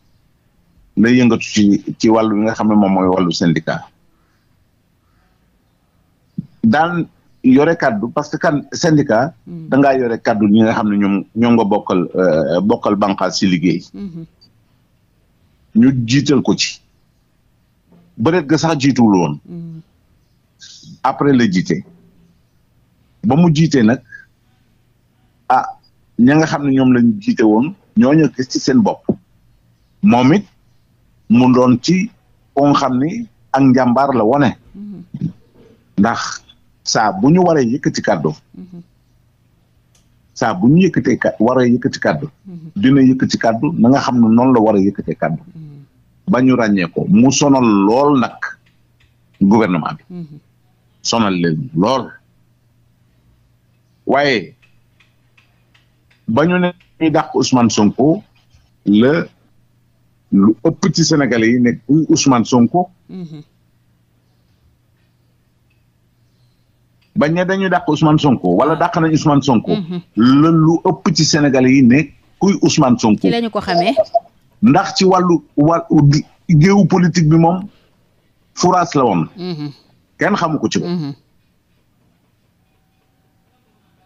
lay yëngatu ci ci wàllu bi nga xam ne moom mooy wàllu syndicat daan yore kaddu parce que kan syndicat mm. da yore kaddu ñi nga xam ne ñoom ñoom nga bokkal euh, bokkal bànqaas ci mm-hmm. ñu jiital ko ci bëreet ga sax jiituwul woon mm. après la jiite ba mu jiitee nag ah ña nga xam ne ñoom lañ jiite woon ñooñu gis ci seen bopp moom mu doon ci ko nga xam ni ak njàmbaar la wone ndax saa bu ñu waree yëkkati kàddu saa bu ñu yëkkatee ka waree yëkkati kàddu dina yëkkati kàddu na xam ne noonu la war a yëkkatee kàddu ba mu sonal lool nag gouvernement bi sonal leen lool waaye ba ñu ne ñuy la lu ëpp ci Sénégalais yi nekk kuy Ousmane Sonko. Mhm. bañ ne dañuy dàq Ousmane Sonko wala ah. dàq nañ Ousmane Sonko. Mhm. lu ëpp ci Sénégalais yi nekk kuy Ousmane Sonko. ci ko xamee. ndax ci wàllu wà géewu bi moom furaas la woon. Mhm. kenn xamu ko ci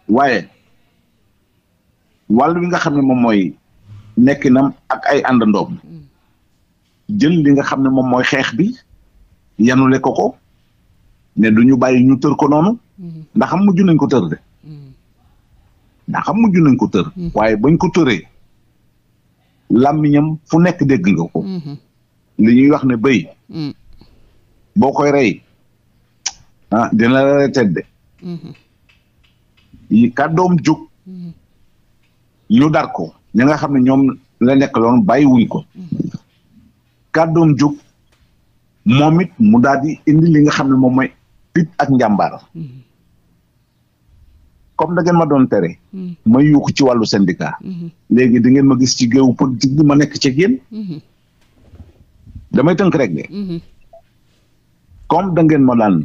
waaye wàll nga xam ne moom mooy nekkinam ak ay àndandoom. jël li nga xam ne moom mooy xeex bi yanule ko ko ne du ñu bàyyi ñu tër ko noonu mm-hmm. ndax am nañ ko tër de mm-hmm. ndax xam mujj nañ ko tër mm-hmm. waaye bañ ko tëree làmmiñam fu nekk dégg nga ko li ñuy wax ne béy mm. boo koy rey a ah, dina la rey tedd yi kàddoom jóg ñu dar ko ñi nga xam ne ñoom la nekk loon bàyyi wuñ ko kàddoom jóg moom it mu daal di indi li nga xam ne moom mooy fit ak njàmbaar comme da ngeen ma doon tere ma yuuxu ci wàllu syndicat léegi da ngeen ma gis ci géewu politique bi ma nekk ci yéen damay tënk rek de comme da ngeen ma daan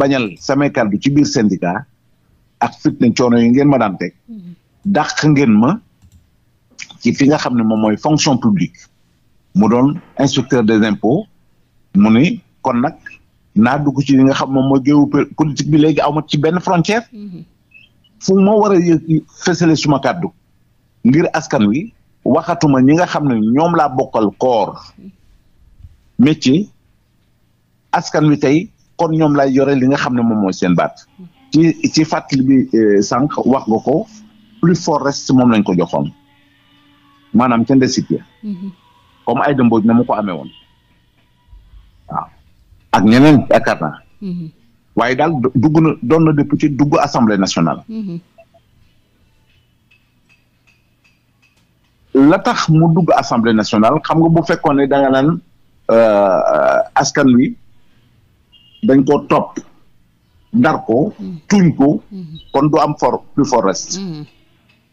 bañal samay kàddu ci biir syndicat ak fitna coono yi ngeen ma daan teg dàq ngeen ma ci fi nga xam ne moom mooy fonction publique mu doon inspecteur des impôts mu ni kon nag naa dugg ci li nga xam moom mooy géewu politique bi léegi aw ma ci benn frontière fu ma war a yëg fësale suma kàddu ngir askan wi waxatuma ñi nga xam ne ñoom laa bokkal koor métier askan wi tey kon ñoom lay yore li nga xam ne moom mooy seen baat ci ci fàttali bi euh, sànq wax nga ko plus fort reste moom lañ ko joxoon maanaam ca ndesit ya mhm. comme Aïda Mbodj na mu ko amee woon waaw ak ñeneen yaakaar mhm. waaye daal dugg na député dugg assemblée nationale mhm. la tax mu dugg assemblée nationale xam nga bu fekkoon ne da nga naan euh, askan wi dañ ko top dar ko tuñ ko kon du am for plus fort reste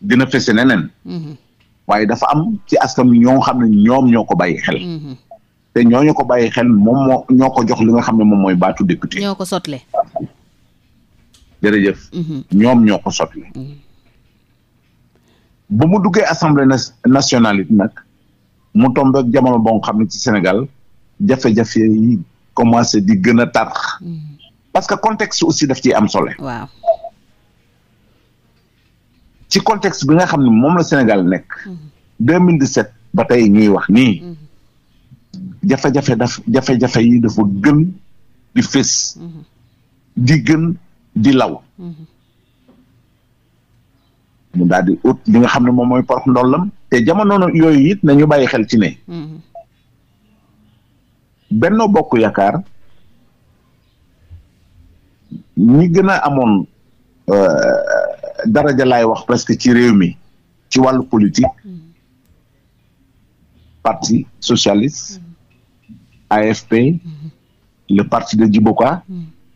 dina fese neneen waaye dafa am ci askan wi ñoo xam ne ñoom ñoo ko bàyyi xel. Mhm. te ñoo ñooñu ko bàyyi xel moom moo ñoo ko jox li nga xam ne moom mooy baatu député. ñoo ko sotle. jërëjëf. Mhm. ñoom ñoo ko sotle. Mhm. mu duggee assemblée nationale it nag mu tombe ak jamono boo xam ne ci Sénégal jafe-jafe yi commencé di gën a tar. parce que contexte aussi daf ciy am solo. ci contexte bi nga xam ne moom la Sénégal nekk. 2017 mm-hmm. ba tey ñuy wax nii. Mm-hmm. jafe-jafe jafe yi dafa gën di fés. Mm-hmm. di gën di law. mu daal di ut li nga xam ne moom mooy porox ndollam te jamono yooyu it nañu bàyyi xel ci ne. Benno Bokk Yaakaar ñi gën a amoon. Euh, daraja laay wax presque ci réew mi ci wàllu politique mm-hmm. parti socialiste mm-hmm. AFP mm-hmm. le parti de Djiboka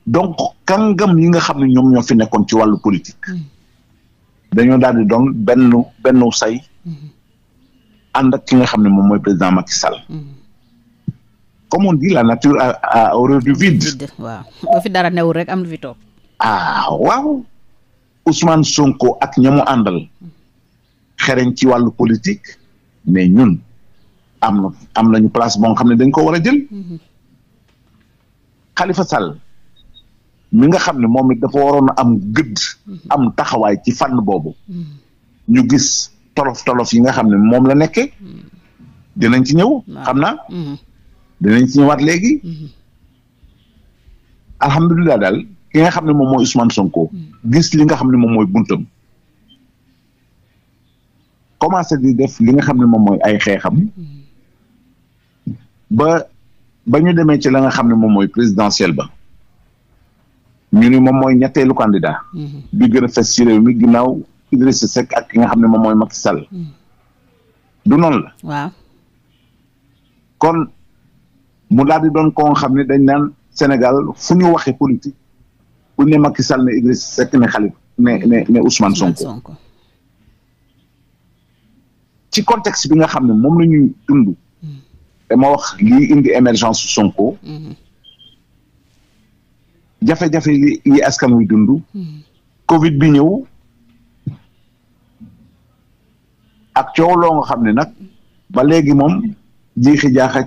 donc kàngam yi nga xam ne ñoom ñoo fi nekkoon ci wàllu politique dañoo daal di doon benn benn say ànd ak ki nga xam ne moom mooy président Macky Sall. comme on dit la nature a horreur du vide. waaw boo fi dara newul rek am lu fi toog. ah waaw Ousmane Sonko ak ñamu àndal xereñ ci wàllu politique mais ñun am na am nañu place boo xam ne dañ ko war a jël xalifa Sall mi nga xam ne moom it dafa waroon a am gëdd am taxawaay ci fànn boobu ñu gis tolof tolof yi nga xam ne moom la nekke dinañ ci ñëw xam naa mm-hmm. dinañ ci ñëwaat léegi mm-hmm. alhamdulilah daal ki nga xam ne moom mooy Ousmane Sonko. Hmm. gis li nga xam ne moom mooy buntam. commencé di def li nga xam ne moom mooy ay xeexam. Hmm. ba ba ñu demee ci la nga xam ne moom mooy présidentielle ba. ñu ni moom mooy ñetteelu candidat. Hmm. bi gën a fes mi ginnaaw Idrissa ak ki nga xam ne moom mooy Macky Sall. du noonu la. kon mu daal di doon ko xam ne dañ naan Sénégal fu ñu waxee politique. bu ne Macky Sall ne Idriss Seck ne Khalifa ne ne ne Ousmane ci contexte bi nga xam ne moom la ñuy dund hmm. dama wax lii indi émergence Sonko hmm. jafe-jafe yi askan wi dund hmm. Covid bi ñëw ak coow loo nga xam ne nag ba léegi moom jiixi jaaxa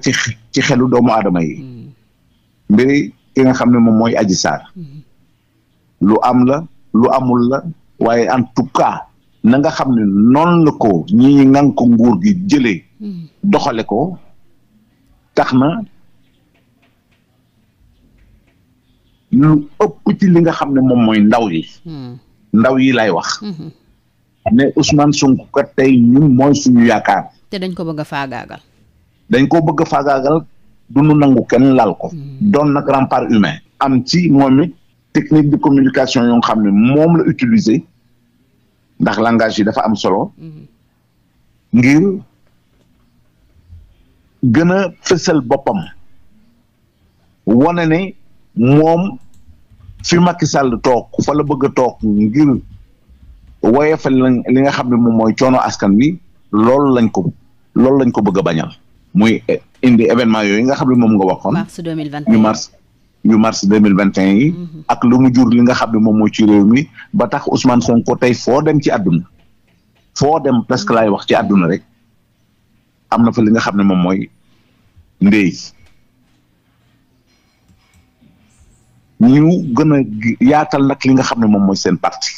ci xelu doomu aadama yi mbiri ki nga xam ne moom mooy aji Sarr lu am la lu amul la waaye en tout cas na xam ne noonu la ko ñii ñi ngan ko nguur gi jëlee hmm. doxale ko tax na lu ëpp ci li nga xam ne moom mooy ndaw yi hmm. ndaw yi lay wax hmm. ne Ousmane Sonko kat tey ñun mooy suñu yaakaar te dañ ko bëgg a faagaagal dañ ko bëgg a faagaagal du nu nangu kenn laal ko doon nag rempart humain am ci moom it technique de communication yoo xam ne moom la utiliser ndax langage yi dafa am solo ngir gën a fësal boppam wane ne moom fi Macky Sall toog fa la bëgg a toog ngir woyefal li nga xam ne moom mooy coono askan wi loolu lañ ko loolu lañ ko bëgg a bañal muy indi événement yooyu nga xam ne moom nga waxoon. mars 2021 ñu mars yu mars deux mille vingt et un yi mhm. ak lu mu jur li nga xam ne moom moo ci réew mi ba tax Ousmane Sonko tey foo dem ci àdduna foo dem presque laay wax ci adduna rek am na fa li nga xam ne moom mooy ndéy ñu gën a yaatal nag li nga xam ne moom mooy seen parti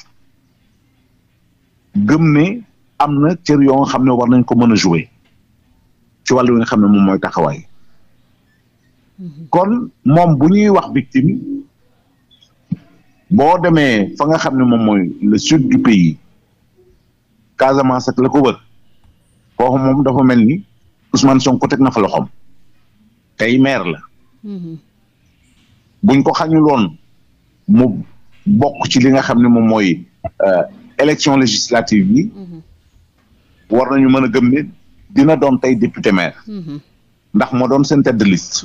gëm ne am na cër yoo nga xam ne war nañ ko mën a jouer ci wàllu yi nga xam ne moom mooy taxawaay kon moom bu ñuy wax victime boo demee fa nga xam ne moom mooy le sud du pays Casamance ak la ko wër foofu moom dafa mel ni Ousmane Sonko teg na fa loxoom tey maire la mhm. buñ ko xañuloon mu bokk ci li nga xam ne moom mooy euh, élection législative bi mhm. war ñu mën a gëm ne dina doon tey député maire mhm. ndax moo doon de liste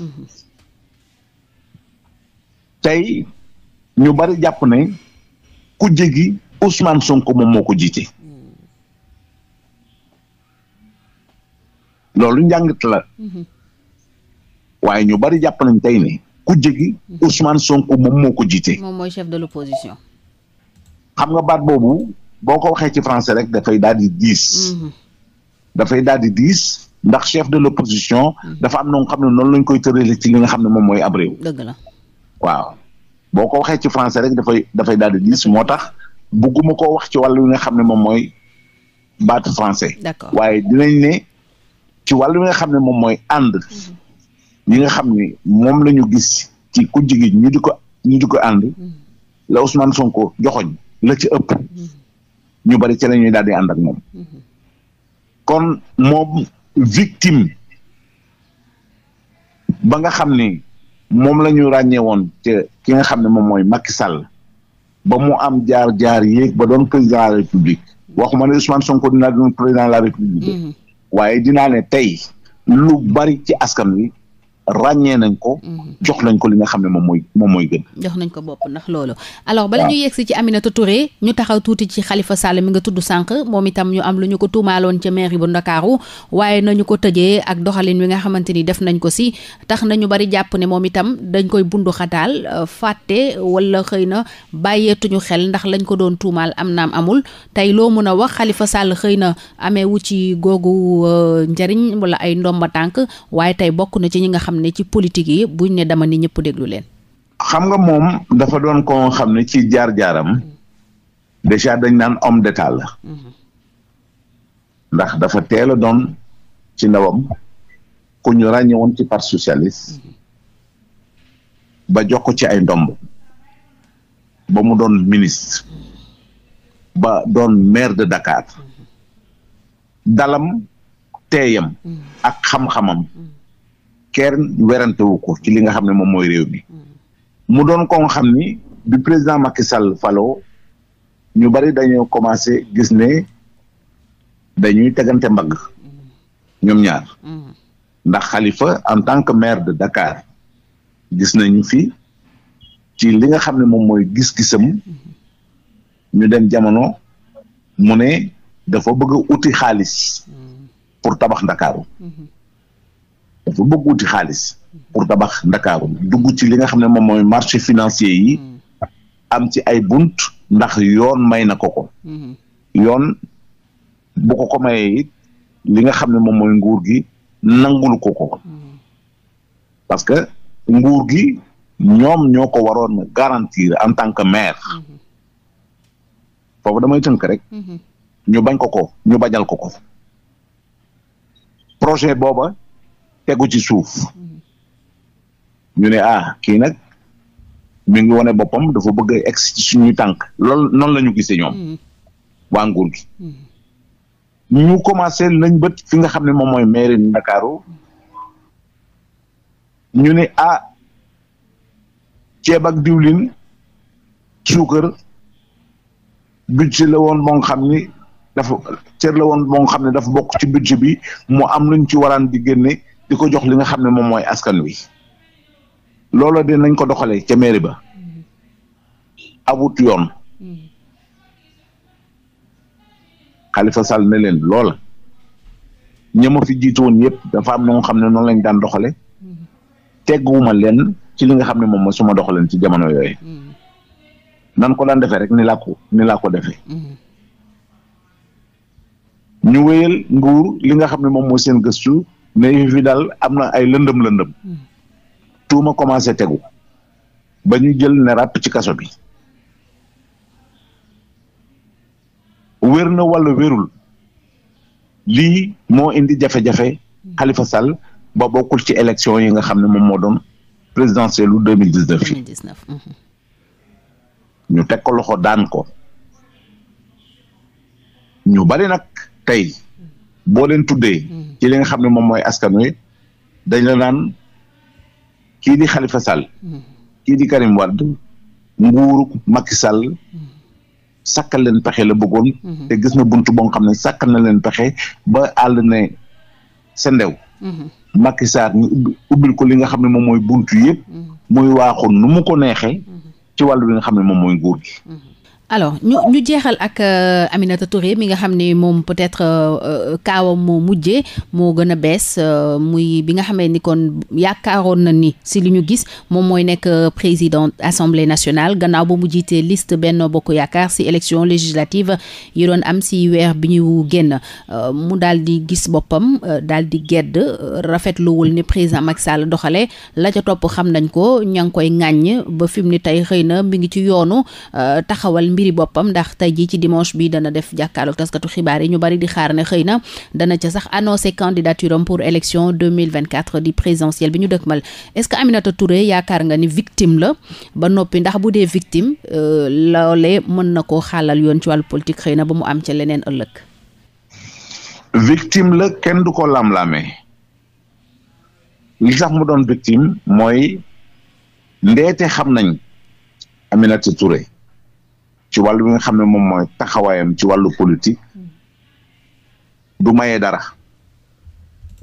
tey ñu bari jàpp ne ku jégi Ousmane Sonko moom moo ko jiite loolu njàngat la waaye ñu bari jàpp nañ tey ne ku jégi Ousmane Sonko moom moo ko jiite. moom mooy chef de l'opposition. xam nga baat boobu boo ko waxee ci français rek dafay daal di diis. Mhm. dafay daal di diis ndax chef de l'opposition. Mhm. dafa am noo xam ne noonu lañ koy tëralee ci li nga xam ne moom mooy ab réew. dëgg la. waaw boo ko waxee ci français rek dafay dafay daal di diis moo tax bugguma koo wax ci wàllu yi nga xam ne moom mooy baatu français. d'accord waaye dinañ ne ci wàllu yi nga xam ne moom mooy ànd. ñi mm-hmm. nga xam ne moom la ñu gis ci ku jigi ñu di ko ñu di ko ànd. Mm-hmm. la Ousmane Sonko joxoñ la ci ëpp. Mm-hmm. ñu bari ci la ñuy daal di ànd ak moom. kon moom victime ba nga xam ni. moom la ñu ràññee woon ci ki nga xam ne moom mooy Macky Sall ba mu am jaar jaar yéeg ba doon président de la république waxuma ne Ousmane Sonko dina doon président de la république mhm. waaye dinaa ne tey lu bari ci askan wi ràññee nañ ko. Mhm. jox lañ ko li nga xam ne moom mooy moom mooy gën. jox nañ ko bopp ndax loolu. alors bala ñu yegg si ci Aminata Touré ñu taxaw tuuti ci xalifa sàll mi nga tudd sànq moom itam ñu am lu ñu ko tuumaaloon ca mairie bu Ndakaaru waaye nañu ko tëjee ak doxalin wi nga xamante ni def nañ ko si tax nañu bari jàpp ne moom itam dañ koy bundu xataal euh, fàtte walla xëy na bàyyeetuñu xel ndax lañ ko doon tuumaal am naam amul tey loo mën a wax xalifa sàll xëy na amee ci googu euh, njëriñ wala ay ndomba waaye tey bokk na ci ñi nga xam xam ci politique yi buñ ñëpp déglu leen. xam nga moom dafa doon ko xam ne ci jaar-jaaram déjà dañ naan homme d'état la mm-hmm. ndax dafa teel a doon ci ndawam ku ñu ràññewoon ci parti socialiste mm-hmm. ba jox ci ay ndomb ba mu doon ministre mm-hmm. ba doon maire de Dakar dalam teeyam ak xam-xamam. kenn werantewu ko ci li nga xam ne moom mooy réew mi mu doon ko xam ni bi président Macky Sall falo ñu bari dañoo commencé gis ne dañuy tegante mbagg ñoom ñaar ndax Khalifa en tant que maire de dakaar gis nañu fi ci li nga xam ne moom mooy gis-gisam ñu dem jamono mu ne dafa bëgg uti xaalis pour tabax Ndakaaru dafa bëgg wuti xaalis pour dabax ndakaaru dugg ci li nga xam ne moom mooy marché financier yi mm-hmm. am ci ay bunt ndax yoon may na ko ko mm-hmm. yoon bu ko ko mayee it nga xam ne moom nguur gi nangul ko ko mm-hmm. parce que nguur gi ñoom ñoo ko waroon garantir en tant que maire foofu damay tënk rek ñu bañ ko ko ñu bañal ko ko projet booba tegu ci suuf ñu ne ah kii nag mi ngi wane boppam dafa bëgg a ci suñuy tànk loolu noonu la ñu gisee ñoom mm. waa nguur gi mm. ñu commencé nañ bët fi nga xam ne moom mooy mairie Ndakaaru ñu ne ah ceebak ak diwlin suukar budget la woon moo xam ni dafa cër la woon moo xam ne dafa bokk ci budget bi mu am luñ ci waraan di génne di ko jox li nga xam ne moom mooy askan wi loolu dinañ ko doxalee ca mairie ba mm-hmm. abut yoon mm-hmm. Khalifa Sall ne leen loola ñama fi jiitu woon yëpp dafa am na nga xam ne noonu lañ daan doxale mm-hmm. tegguwuma leen ci li nga xam ne moom mooy suma doxaleen ci jamono yooyu nan ko daan defee rek ni laa ko laa ko defee ñu wéyal nguur li nga xam ne moom mooy seen gëstu ne yëf yi daal am na ay lëndëm lëndëm hmm. tuuma commencé tegu ba ñu jël ne ràpp ci kaso bi wér na wala wérul lii moo indi jafe-jafe hmm. Khalifa Sall ba bokkul ci élection yi nga xam ne moom moo doon présidentielle lu deux mille dix neuf yi hmm. ñu teg ko loxo daan ko ñu bari nag tey boo leen tuddee. Mm. ci li xam ne moom mooy askan wi dañ la naan kii di Khalifa Sall. Mm. kii di Karim Wade nguuru Macky Sall. Mm. sàkkal leen pexe la bëggoon. Mm-hmm. te gis na buntu boo xam ne sàkkal na leen pexe ba àll ne sa ndew. Mm-hmm. Macky Sall ubbil ko li nga xam ne moom mooy bunt yëpp. Mm-hmm. muy waaxoon nu mu ko ci wàllu li nga xam ne moom mooy nguur alors ñu ñu jeexal ak euh, Aminata Touré mi nga xam ne moom peut-être euh, euh, kaawam moo mujjee moo gën a bees muy bi nga xamee ni kon yaakaaroon na ni si li ñu gis moom mooy nekk président assemblée nationale gannaaw ba mu jiitee list Benno Bokk Yaakaar si élection législative yi doon am si weer bi ñu génn mu daal di gis boppam daal di gedd rafetluwul ni président Macky Sall doxale la topp xam nañ ko ña ngi koy ŋàññ ba fi mu ni tey xëy na mi ngi ci yoonu taxawal mbiri boppam ndax tey jii ci dimanche bi dana def jàkkaarloog taskatu xibaar yi ñu bari di xaar ne xëy na dana ca sax annoncé candidature am pour élection 2024 di présidentielle bi ñu dëkkmal est-ce que Aminata Touré yaakaar nga ni victime la ba noppi ndax bu dee victime euh, loolee mën na koo xaalal yoon ci wàllu politique xëy na ba mu am ca leneen ëllëg. victime la kenn du ko lam-lamee li tax mu doon victime mooy ndeete xam nañ Aminata Touré ci wàllu bi nga xam ne moom mooy taxawaayam ci wàllu politique du maye dara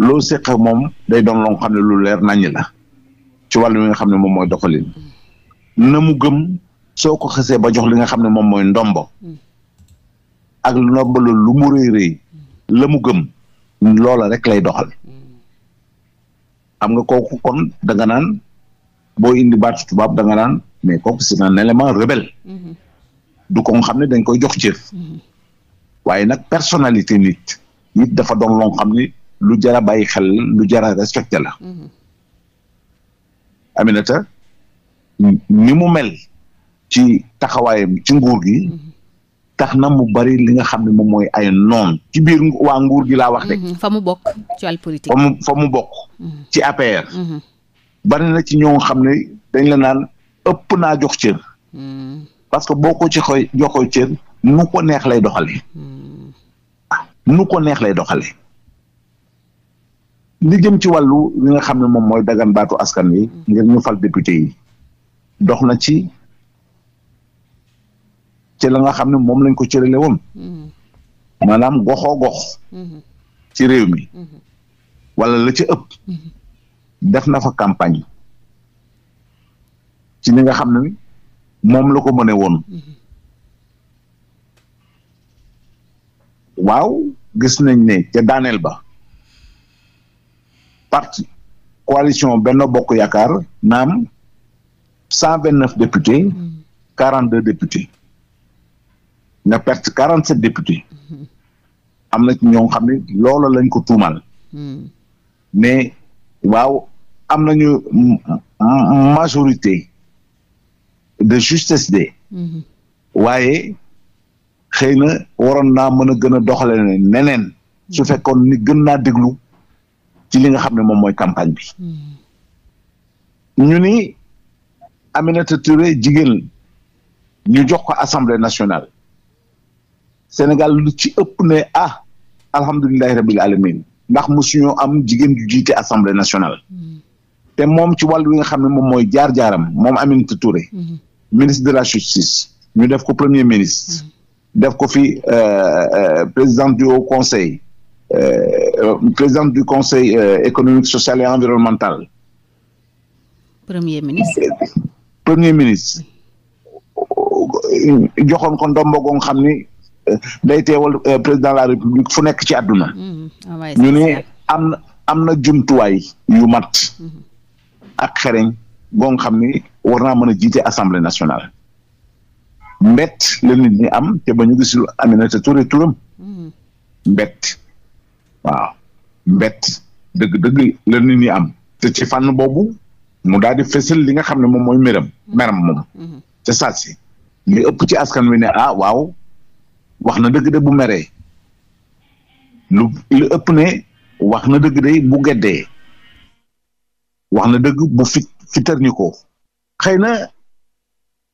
loo seq moom day doon loo xam ne lu leer naññ la ci wàllu bi nga xam ne moom mooy doxalin na mu gëm soo ko xasee ba jox li nga xam ne moom mooy ndombo ak ndombo la lu mu mu gëm loola rek lay doxal xam nga kooku kon da naan boo indi baatu tubaab da nga naan mais ko c'est un élément rebelle. Mm-hmm. du xam ne dañ koy jox cër waaye nag personalité nit nit dafa doon loo xam ne lu jar a bàyyi xel lu jar a respecté la Aminata ni mu mel ci taxawaayam ci nguur gi tax na mu bari li nga xam ne moom mooy ay noon ci biir waa nguur gi laa wax de mm-hmm. fa mu bokk ci wàllu politique mu bokk mm-hmm. ci APR mm-hmm. bari ci ñoo xam ne dañ la naan ëpp naa jox cër parce que boo ko ci xoy joxoo cër nu ko neex lay doxale nu ko neex lay doxale li jëm ci wàllu li nga xam ne moom mooy dagan baatu askan wi ngir ñu fal député yi dox na ci ci la nga xam ne moom lañ ko cërale woon gox ci réew mi wala la ci ëpp def na fa campagne ci li nga xam ne moom la ko mëne woon gis nañ ne ca daaneel ba parti coalition Benno Bokk Yaakaar naam cent vingt neuf députés quarante deux députés nga perte quarante sept députés am na ci ñoo ne loola lañ ko tuumal hmm. mais waaw am nañu majorité de justesse de mhm. waaye xëy na waroon naa mën a gën a doxale ne neneen su fekkoon ni gën naa déglu ci li nga xam ne moom mooy campagne bi mhm. ñu ni Aminata Touré jigéen ñu jox ko assemblée nationale Sénégal lu ci ëpp ne ah alhamdulilahi rabil alamin ndax mosuñoo am jigéen ju jiite assemblée nationale mhm. te moom ci wàllu wi nga xam ne moom mooy jaar-jaaram moom Aminata Touré. ministre de la justice ñu def ko premier ministre mm-hmm. def ko fi euh, euh, président du haut conseil euh, président du conseil économique social et environnemental premier ministre premier ministre joxoon ko xam ni day teewal président de la république fu nekk ci àdduna mm-hmm. ah ñu ne am na am na jumtuwaay yu mat mm-hmm. ak xereñ boo nga xam ni war naa mën a jiite assemblée nationale mbett la nit am te ba ñu gisul Aminata Touré turam mbett waaw mbett dëgg-dëgg la nit am te ci fànn boobu mu daal di fësal li nga xam ne moom mooy méram méram moom ca saa si li ëpp ci askan wi ne ah waaw wax na dëgg de bu meree lu li ëpp ne wax na dëgg de bu geddee wax na dëgg bu fit fitar ñu ko xëy na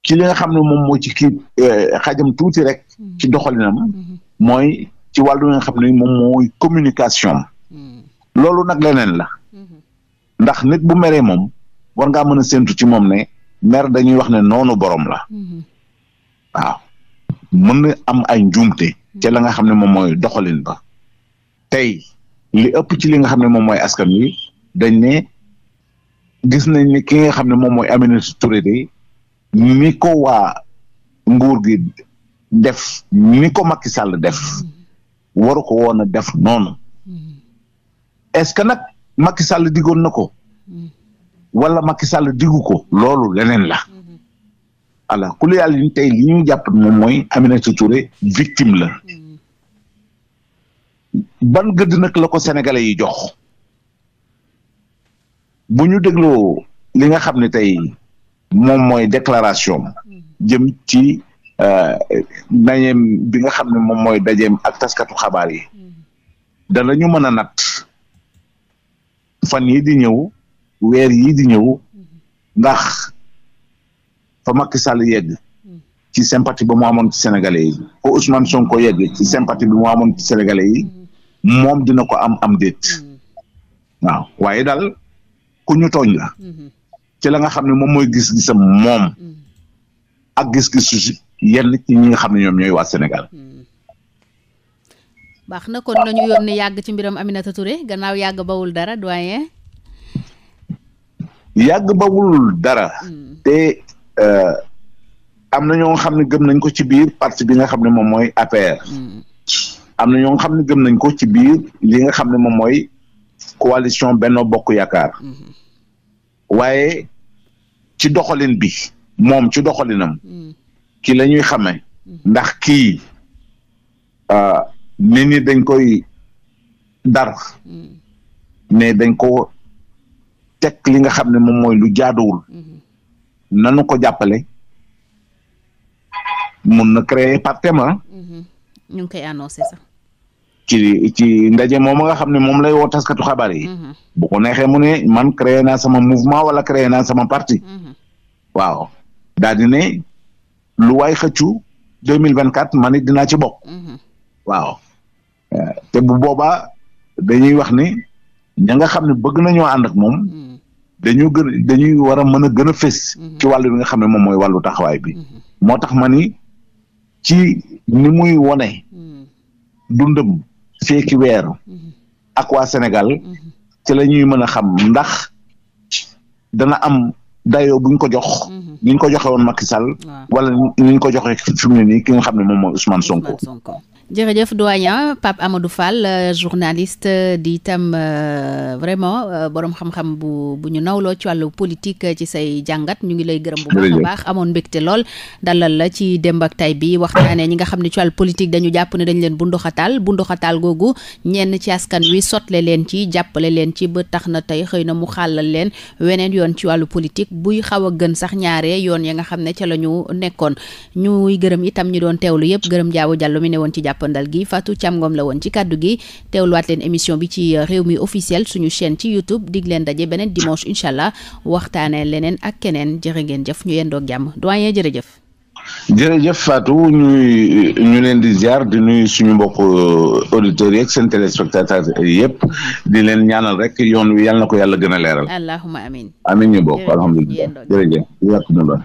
ci li nga xam ne moom moo ci kii eh, xajam tuuti rek mm-hmm. ci doxalinam mm-hmm. mooy ci wàllu nga xam ne moom communication mm-hmm. loolu nag leneen la ndax nit bu meree moom war ngaa mën a séntu ci moom ne mer dañuy wax ne noonu boroom la waaw mën na am ay njuumte ci la nga xam ne moom mooy doxalin ba tey li ëpp ci li nga xam ne moom mooy askan wi dañ ne gis nañ ni ki nga xam ne moom mooy Aminata Touré de mi ko waa nguur gi def mi ko Macky Sall def waru ko woon a def noonu est-ce que nag Macky Sall diggoon na ko wala Macky Sall diggu ko loolu leneen la ala kuli yàlla ñu tey li ñu jàpp moom mooy Aminata Touré victime la ban gëdd nag la ko sénégalais yi jox bu ñu dégloo li nga xam ne tey moom mooy déclaration mm-hmm. jëm ci euh, dajeem bi nga xam ne moom mooy dajeem ak taskatu xabaar yi mm-hmm. danañu mën a nat fan yii di ñëw weer yii di ñëw mm-hmm. ndax fa Macky Sall yegg ci sympathie ba mu amoon ci Sénégalais yi ko yegg ci sympathie bi mu ci Sénégalais yi moom dina ko am am déet waaw waaye daal ku ñu tooñ la mm-hmm. ci la nga xam ne moom mooy gis-gisam moom mm-hmm. ak gis-gisu yenn ci ñi nga xam ne ñoom ñooy waa Sénégal. Mm-hmm. baax na kon nañu yoon ne yàgg ci mbiram Aminata Touré gannaaw yàgg bawul dara doyen. yàgg bawul dara. te euh, am na ñoo xam ne gëm nañ ko ci biir parti bi nga xam ne moom mooy APR. am xam ne gëm nañ ko ci biir li nga xam ne moom mooy coalition Benno Bokk Yaakaar waaye ci doxalin bi moom ci doxalinam ki la ñuy xamee ndax kii ah, nit ñi dañ koy dar mais dañ ko teg li nga xam ne moom mooy lu jaaduwul nanu ko jàppale mun na créer par thème ah. ngi koy annoncé sax ci ci ndaje moom nga xam ne moom lay woo taskatu xabaar yi. Mm-hmm. bu ko neexee mu ne man créé naa sama mouvement wala créé naa sama parti. Mm-hmm. waaw daal di ne lu waay xëccu deux mille vingt quatre man dinaa ci bokk. Mm-hmm. waaw eh, te bu boobaa dañuy wax ni ña xam ne bëgg nañoo ànd ak moom. dañu gën dañuy war a mën a gën a fés. ci wàllu bi nga xam ne moom mooy wàllu taxawaay bi. moo tax ma ci ni muy wone dundam. feeki weer mhm. ak waa Sénégal mhm. ci la ñuy mën a xam ndax dana am dayoo buñ ko jox mhm. ni ñu ko joxe woon Macky Sall wala ni ñu ko joxe fi mu ne nii ki nga xam ne moom mooy Ousmane Sonko. jërëjëf doyen Pape Amadou Fall euh, journaliste euh, di itam euh, vraiment borom xam-xam bu bu ñu nawloo ci wàllu politique ci say jàngat ñu ngi lay gërëm bu baax a amoon mbégte lool dalal la ci démb ak tay bi waxtaanee ñi nga xam ne ci wàllu politique dañu jàpp ne dañ leen bunduxataal bunduxataal googu ñenn ci askan wi sotle leen ci jàppale leen ci ba tax na tey xëy na mu xàllal leen weneen yoon ci wàllu politique buy xaw a gën sax ñaare yoon ya nga xam ne ca la ñu nekkoon ñuy gërëm itam ñu doon teewlu yëpp gërëm jaabu jàll mi ne woon ci jàpp jàppandal gi Fatou Thiam Ngom la woon ci kàddu gi teewluwaat leen émission bi ci réew mi officiel suñu chaîne ci YouTube dig leen daje beneen dimanche incha allah waxtaanee leneen ak keneen jërë ngeen jëf ñu yendoog jàmm jëf jërëjëf. jëf Fatou ñuy ñu leen di ziar di nuyu suñu mbokk euh, auditeurs yeeg seen téléspectateurs yëpp di leen ñaanal rek yoon wi yàlla na ko yàlla gën a leeral. allahumma amin amin ñu bokk alhamdulilah jërëjëf